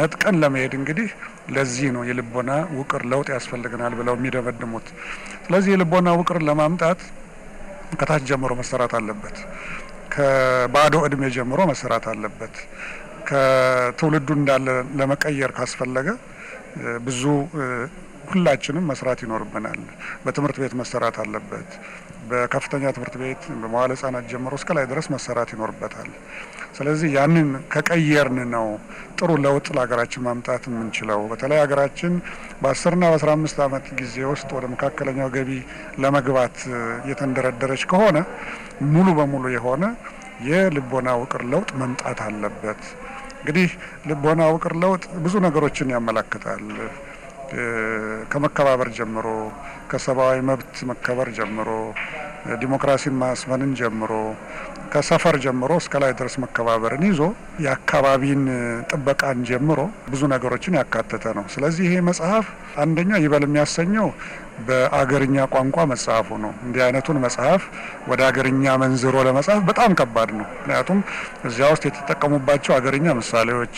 ነጥቀን ለመሄድ እንግዲህ ለዚህ ነው የልቦና ውቅር ለውጥ ያስፈልገናል ብለው የሚደመድሙት። ስለዚህ የልቦና ውቅር ለማምጣት ከታች ጀምሮ መሰራት አለበት። ከባዶ እድሜ ጀምሮ መሰራት አለበት። ከትውልዱ እንዳለ ለመቀየር ካስፈለገ ብዙ ሁላችንም መስራት ይኖርብናል። በትምህርት ቤት መሰራት አለበት። በከፍተኛ ትምህርት ቤት በመዋለ ህጻናት ጀምሮ እስከ ላይ ድረስ መሰራት ይኖርበታል። ስለዚህ ያንን ከቀየርን ነው ጥሩ ለውጥ ለሀገራችን ማምጣት የምንችለው። በተለይ ሀገራችን በአስርና በአስራ አምስት ዓመት ጊዜ ውስጥ ወደ መካከለኛው ገቢ ለመግባት የተንደረደረች ከሆነ ሙሉ በሙሉ የሆነ የልቦና ውቅር ለውጥ መምጣት አለበት። እንግዲህ ልቦና ውቅር ለውጥ ብዙ ነገሮችን ያመላክታል። ከመከባበር ጀምሮ ከሰብአዊ መብት መከበር ጀምሮ ዲሞክራሲን ማስመንን ጀምሮ ከሰፈር ጀምሮ እስከ ላይ ድረስ መከባበርን ይዞ የአካባቢን ጥበቃን ጀምሮ ብዙ ነገሮችን ያካተተ ነው። ስለዚህ ይሄ መጽሐፍ አንደኛ ይበል የሚያሰኘው በአገርኛ ቋንቋ መጽሐፉ ነው። እንዲህ አይነቱን መጽሐፍ ወደ አገርኛ መንዝሮ ለመጻፍ በጣም ከባድ ነው። ምክንያቱም እዚያ ውስጥ የተጠቀሙባቸው አገርኛ ምሳሌዎች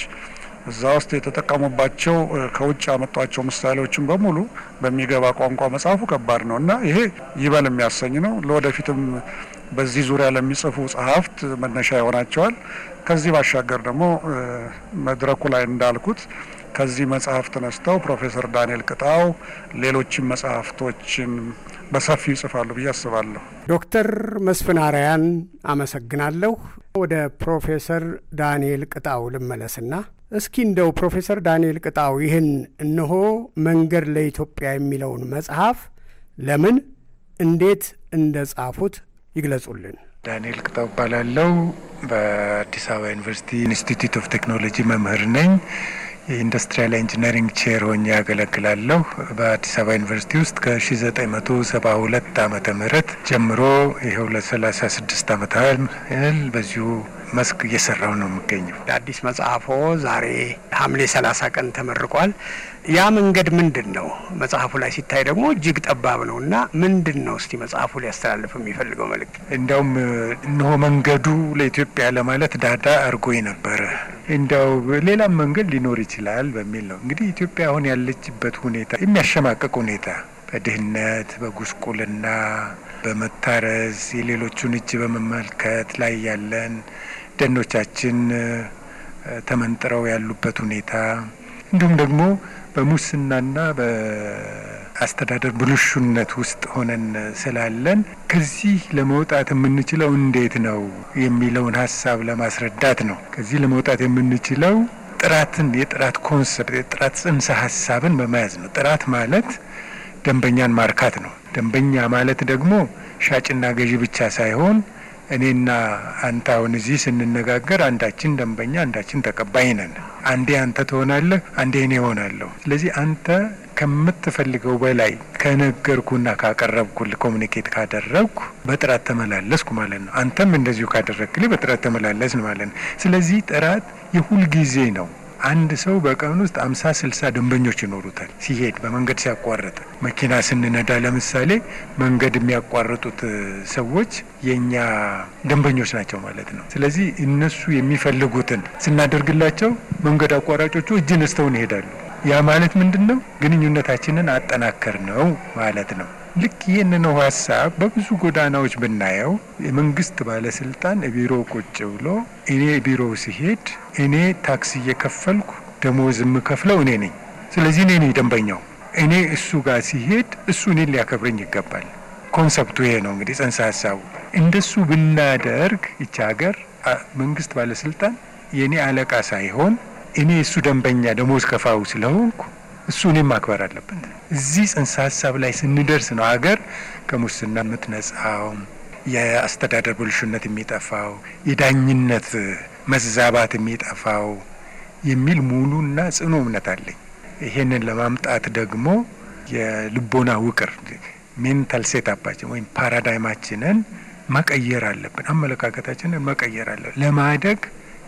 እዛ ውስጥ የተጠቀሙባቸው ከውጭ ያመጧቸው ምሳሌዎችን በሙሉ በሚገባ ቋንቋ መጽሐፉ ከባድ ነው እና ይሄ ይበል የሚያሰኝ ነው። ለወደፊትም በዚህ ዙሪያ ለሚጽፉ ጸሐፍት መነሻ ይሆናቸዋል። ከዚህ ባሻገር ደግሞ መድረኩ ላይ እንዳልኩት ከዚህ መጽሐፍ ተነስተው ፕሮፌሰር ዳንኤል ቅጣው ሌሎችም መጽሐፍቶችን በሰፊው ይጽፋሉ ብዬ አስባለሁ።
ዶክተር መስፍን አርያን አመሰግናለሁ። ወደ ፕሮፌሰር ዳንኤል ቅጣው ልመለስና እስኪ እንደው ፕሮፌሰር ዳንኤል ቅጣው ይህን እነሆ መንገድ ለኢትዮጵያ የሚለውን መጽሐፍ ለምን እንዴት እንደ ጻፉት ይግለጹልን።
ዳንኤል ቅጣው እባላለሁ። በአዲስ አበባ ዩኒቨርሲቲ ኢንስቲትዩት ኦፍ ቴክኖሎጂ መምህር ነኝ። የኢንዱስትሪያል ኢንጂነሪንግ ቼር ሆኜ ያገለግላለሁ። በአዲስ አበባ ዩኒቨርሲቲ ውስጥ ከ1972 ዓመተ ምህረት ጀምሮ ይኸው ለ36 ዓመት ያህል በዚሁ መስክ እየሰራው ነው
የሚገኘው። አዲስ መጽሐፎ ዛሬ ሐምሌ 30 ቀን ተመርቋል። ያ መንገድ ምንድን ነው? መጽሐፉ ላይ ሲታይ ደግሞ እጅግ ጠባብ ነው እና ምንድን ነው እስቲ መጽሐፉ ሊያስተላልፍ የሚፈልገው መልእክት? እንዲያውም እነሆ መንገዱ ለኢትዮጵያ ለማለት ዳዳ አድርጎኝ
ነበረ። እንዲያው ሌላም መንገድ ሊኖር ይችላል በሚል ነው እንግዲህ ኢትዮጵያ አሁን ያለችበት ሁኔታ የሚያሸማቅቅ ሁኔታ በድህነት በጉስቁልና በመታረስ የሌሎቹን እጅ በመመልከት ላይ ያለን ደኖቻችን ተመንጥረው ያሉበት ሁኔታ እንዲሁም ደግሞ በሙስናና በአስተዳደር ብልሹነት ውስጥ ሆነን ስላለን ከዚህ ለመውጣት የምንችለው እንዴት ነው የሚለውን ሀሳብ ለማስረዳት ነው። ከዚህ ለመውጣት የምንችለው ጥራትን የጥራት ኮንሰፕት የጥራት ጽንሰ ሀሳብን በመያዝ ነው። ጥራት ማለት ደንበኛን ማርካት ነው። ደንበኛ ማለት ደግሞ ሻጭና ገዢ ብቻ ሳይሆን እኔና አንተ አሁን እዚህ ስንነጋገር አንዳችን ደንበኛ፣ አንዳችን ተቀባይ ነን። አንዴ አንተ ትሆናለህ፣ አንዴ እኔ እሆናለሁ። ስለዚህ አንተ ከምትፈልገው በላይ ከነገርኩና ካቀረብኩ ኮሚኒኬት ካደረግኩ በጥራት ተመላለስኩ ማለት ነው። አንተም እንደዚሁ ካደረግክልኝ በጥራት ተመላለስን ማለት ነው። ስለዚህ ጥራት የሁልጊዜ ነው። አንድ ሰው በቀን ውስጥ አምሳ ስልሳ ደንበኞች ይኖሩታል። ሲሄድ በመንገድ ሲያቋርጥ መኪና ስንነዳ ለምሳሌ መንገድ የሚያቋርጡት ሰዎች የእኛ ደንበኞች ናቸው ማለት ነው። ስለዚህ እነሱ የሚፈልጉትን ስናደርግላቸው መንገድ አቋራጮቹ እጅ ነስተውን ይሄዳሉ። ያ ማለት ምንድን ነው? ግንኙነታችንን አጠናከር ነው ማለት ነው። ልክ ይህንኑ ሀሳብ በብዙ ጎዳናዎች ብናየው የመንግስት ባለስልጣን ቢሮ ቁጭ ብሎ እኔ ቢሮ ሲሄድ እኔ ታክስ እየከፈልኩ ደሞዝ የምከፍለው እኔ ነኝ። ስለዚህ እኔ ነኝ ደንበኛው። እኔ እሱ ጋር ሲሄድ እሱ እኔን ሊያከብረኝ ይገባል። ኮንሰፕቱ ይሄ ነው እንግዲህ ጽንሰ ሀሳቡ። እንደሱ ብናደርግ ይቺ ሀገር መንግስት ባለስልጣን የእኔ አለቃ ሳይሆን እኔ እሱ ደንበኛ ደሞዝ ከፋው ስለሆንኩ እሱን ማክበር አለበት። እዚህ ጽንሰ ሀሳብ ላይ ስንደርስ ነው ሀገር ከሙስና የምትነጻው፣ የአስተዳደር ብልሹነት የሚጠፋው፣ የዳኝነት መዛባት የሚጠፋው የሚል ሙሉና ጽኑ እምነት አለኝ። ይሄንን ለማምጣት ደግሞ የልቦና ውቅር ሜንታል ሴታፓችን ወይም ፓራዳይማችንን መቀየር አለብን። አመለካከታችንን መቀየር አለብን። ለማደግ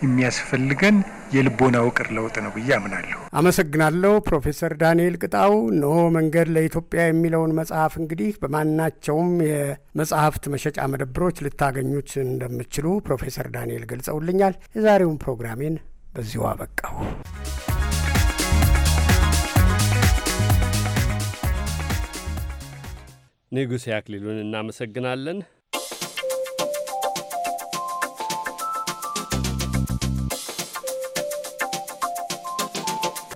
የሚያስፈልገን የልቦና ውቅር ለውጥ ነው ብዬ አምናለሁ።
አመሰግናለሁ ፕሮፌሰር ዳንኤል ቅጣው። እነሆ መንገድ ለኢትዮጵያ የሚለውን መጽሐፍ እንግዲህ በማናቸውም የመጽሐፍት መሸጫ መደብሮች ልታገኙት እንደምችሉ ፕሮፌሰር ዳንኤል ገልጸውልኛል። የዛሬውን ፕሮግራሜን በዚሁ አበቃሁ።
ንጉሴ አክሊሉን እናመሰግናለን።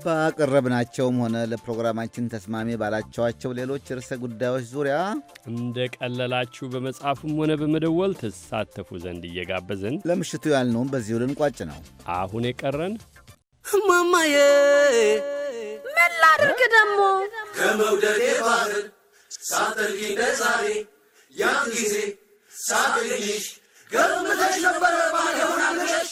ባቀረብናቸውም ሆነ ለፕሮግራማችን ተስማሚ ባላቸዋቸው ሌሎች ርዕሰ ጉዳዮች ዙሪያ
እንደ ቀለላችሁ በመጻፍም ሆነ በመደወል ትሳተፉ ዘንድ እየጋበዝን ለምሽቱ ያልነውም በዚሁ ልንቋጭ ነው። አሁን የቀረን
ማማዬ ምን ላድርግ
ደግሞ
ከመውደዴ ባህር
ሳትርቂ ዛሬ
ያን
ጊዜ
ሳትልሽ
ገምተሽ ነበረ ባለሆናለሽ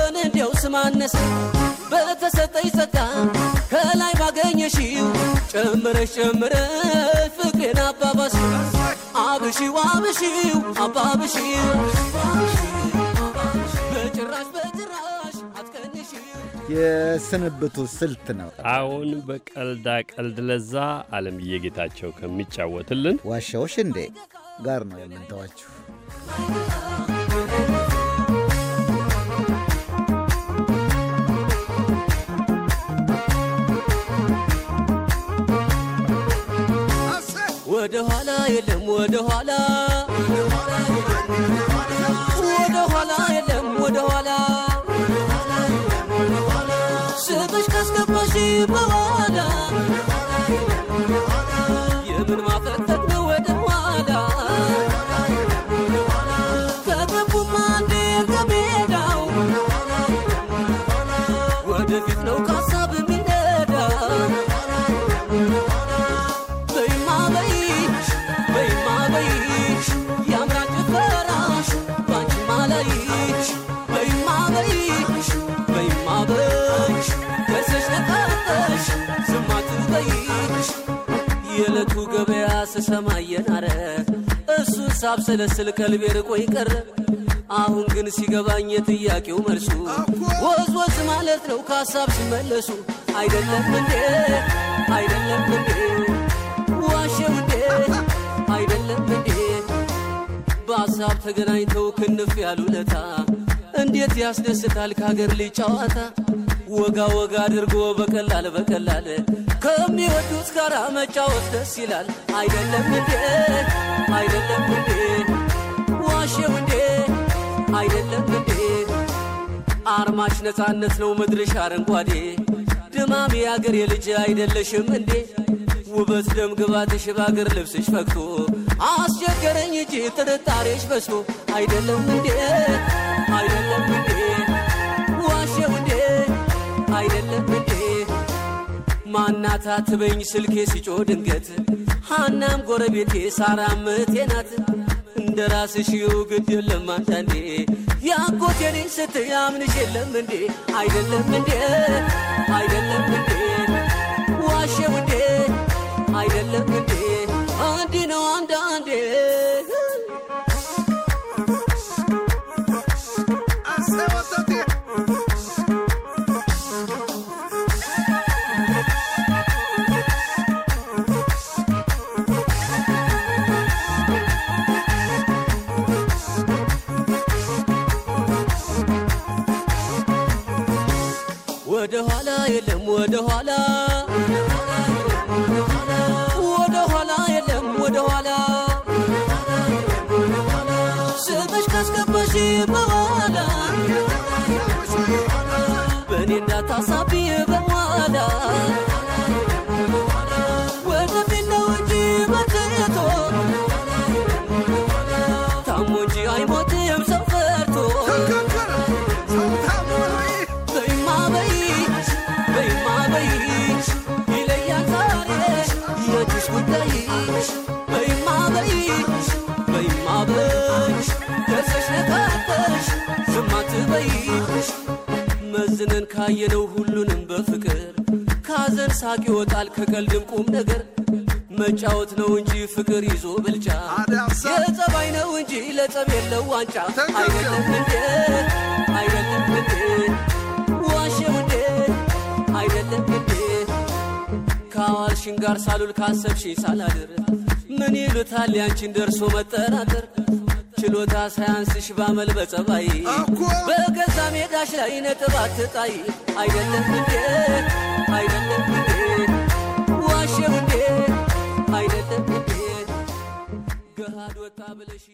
ማነስ በተሰጠኝ ጸጋ ከላይ ባገኘሽው ጨምረሽ ጨምረሽ ፍቅሬን አባባስ። አብሽው አብሽው አባብሽው በጭራሽ በጭራሽ
የስንብቱ ስልት ነው። አሁን በቀልዳ ቀልድ ለዛ አለምዬ ጌታቸው ከሚጫወትልን ዋሻዎች እንዴ ጋር ነው የምንተዋችሁ።
ወደኋላ የለም ወደ ኋላ የለም ወደኋላ ኋላ ስምሽ ካስገባሽ በኋላ በወቅቱ ገበያ ስሰማ እሱ ሳብ ሰለስል ከልቤ ርቆኝ ቀረ። አሁን ግን ሲገባኝ የጥያቄው መልሱ ወዝ ወዝ ማለት ነው ከሀሳብ ሲመለሱ አይደለም እንዴ አይደለም እንዴ ዋሸው እንዴ አይደለም እንዴ በሀሳብ ተገናኝተው ክንፍ ለታ እንዴት ያስደስታል ከሀገር ልጅ ጨዋታ ወጋ ወጋ አድርጎ በቀላል በቀላል ከሚወዱት ጋር መጫወት ደስ ይላል። አይደለም እንዴ አይደለም እንዴ ዋሼው እንዴ አይደለም እንዴ አርማሽ ነፃነት ነው ምድርሽ አረንጓዴ ድማም አገር የልጅ አይደለሽም እንዴ ውበት ደም ግባትሽ በአገር ልብስሽ ፈግቶ አስቸገረኝ እጅ ጥርጣሬሽ በስቶ አይደለም እንዴ አይደለም ማናታ ትበኝ ስልኬ ሲጮ ድንገት ሃናም ጎረቤቴ ሳራም ናት እንደ ራስሽ ግድ የለም አንዳንዴ ያጎቴኔ ስት አምንሽ የለም እንዴ አይደለም እንዴ አይደለም እንዴ ዋሸው እንዴ አይደለም እንዴ አንዲ ነው አንዳንዴ ወደ ኋላ ወደ ኋላ የለም ወደ ኋላ ስምሽ ካስገባሽ በኋላ በእኔ እንዳታሳብ በይ መዝነን ካየነው ሁሉንም በፍቅር ካዘን ሳቅ ይወጣል ከቀልድም ቁም ነገር መጫወት ነው እንጂ ፍቅር ይዞ ብልጫ የጸባይ ነው እንጂ ለጸብ የለው ዋንጫ አይደለም እንዴ አይደለም እንዴ ዋሸው እንዴ አይደለም እንዴ ከአዋልሽን ጋር ሳሉል ካሰብሽኝ ሳላድር ምን ይሉታል ያንቺን ደርሶ መጠራጠር ችሎታ ሳያንስሽ ባመል በጸባይ በገዛ ሜዳሽ ላይ ነጥብ አትጣይ። አይደለም እንዴ አይደለም እንዴ ዋሸው እንዴ አይደለም እንዴ ገሃድ ወጣ ብለሽ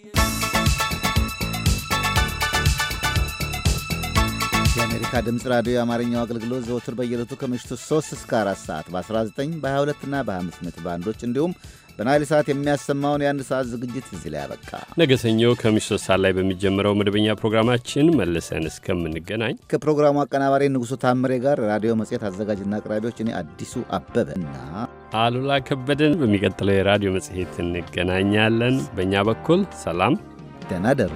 የአሜሪካ ድምፅ ራዲዮ የአማርኛው አገልግሎት ዘወትር በየለቱ ከምሽቱ 3 እስከ 4 ሰዓት በ19 በ22 እና በ25 ሜትር ባንዶች እንዲሁም በናይል ሰዓት የሚያሰማውን የአንድ ሰዓት ዝግጅት እዚህ ላይ ያበቃ።
ነገ ሰኞ ከምሽቱ ሶስት ሰዓት ላይ በሚጀምረው መደበኛ ፕሮግራማችን መልሰን እስከምንገናኝ
ከፕሮግራሙ አቀናባሪ ንጉሱ ታምሬ ጋር ራዲዮ መጽሔት አዘጋጅና አቅራቢዎች እኔ አዲሱ አበበ እና
አሉላ ከበደን በሚቀጥለው የራዲዮ መጽሔት እንገናኛለን። በእኛ በኩል ሰላም፣ ደህና ደሩ።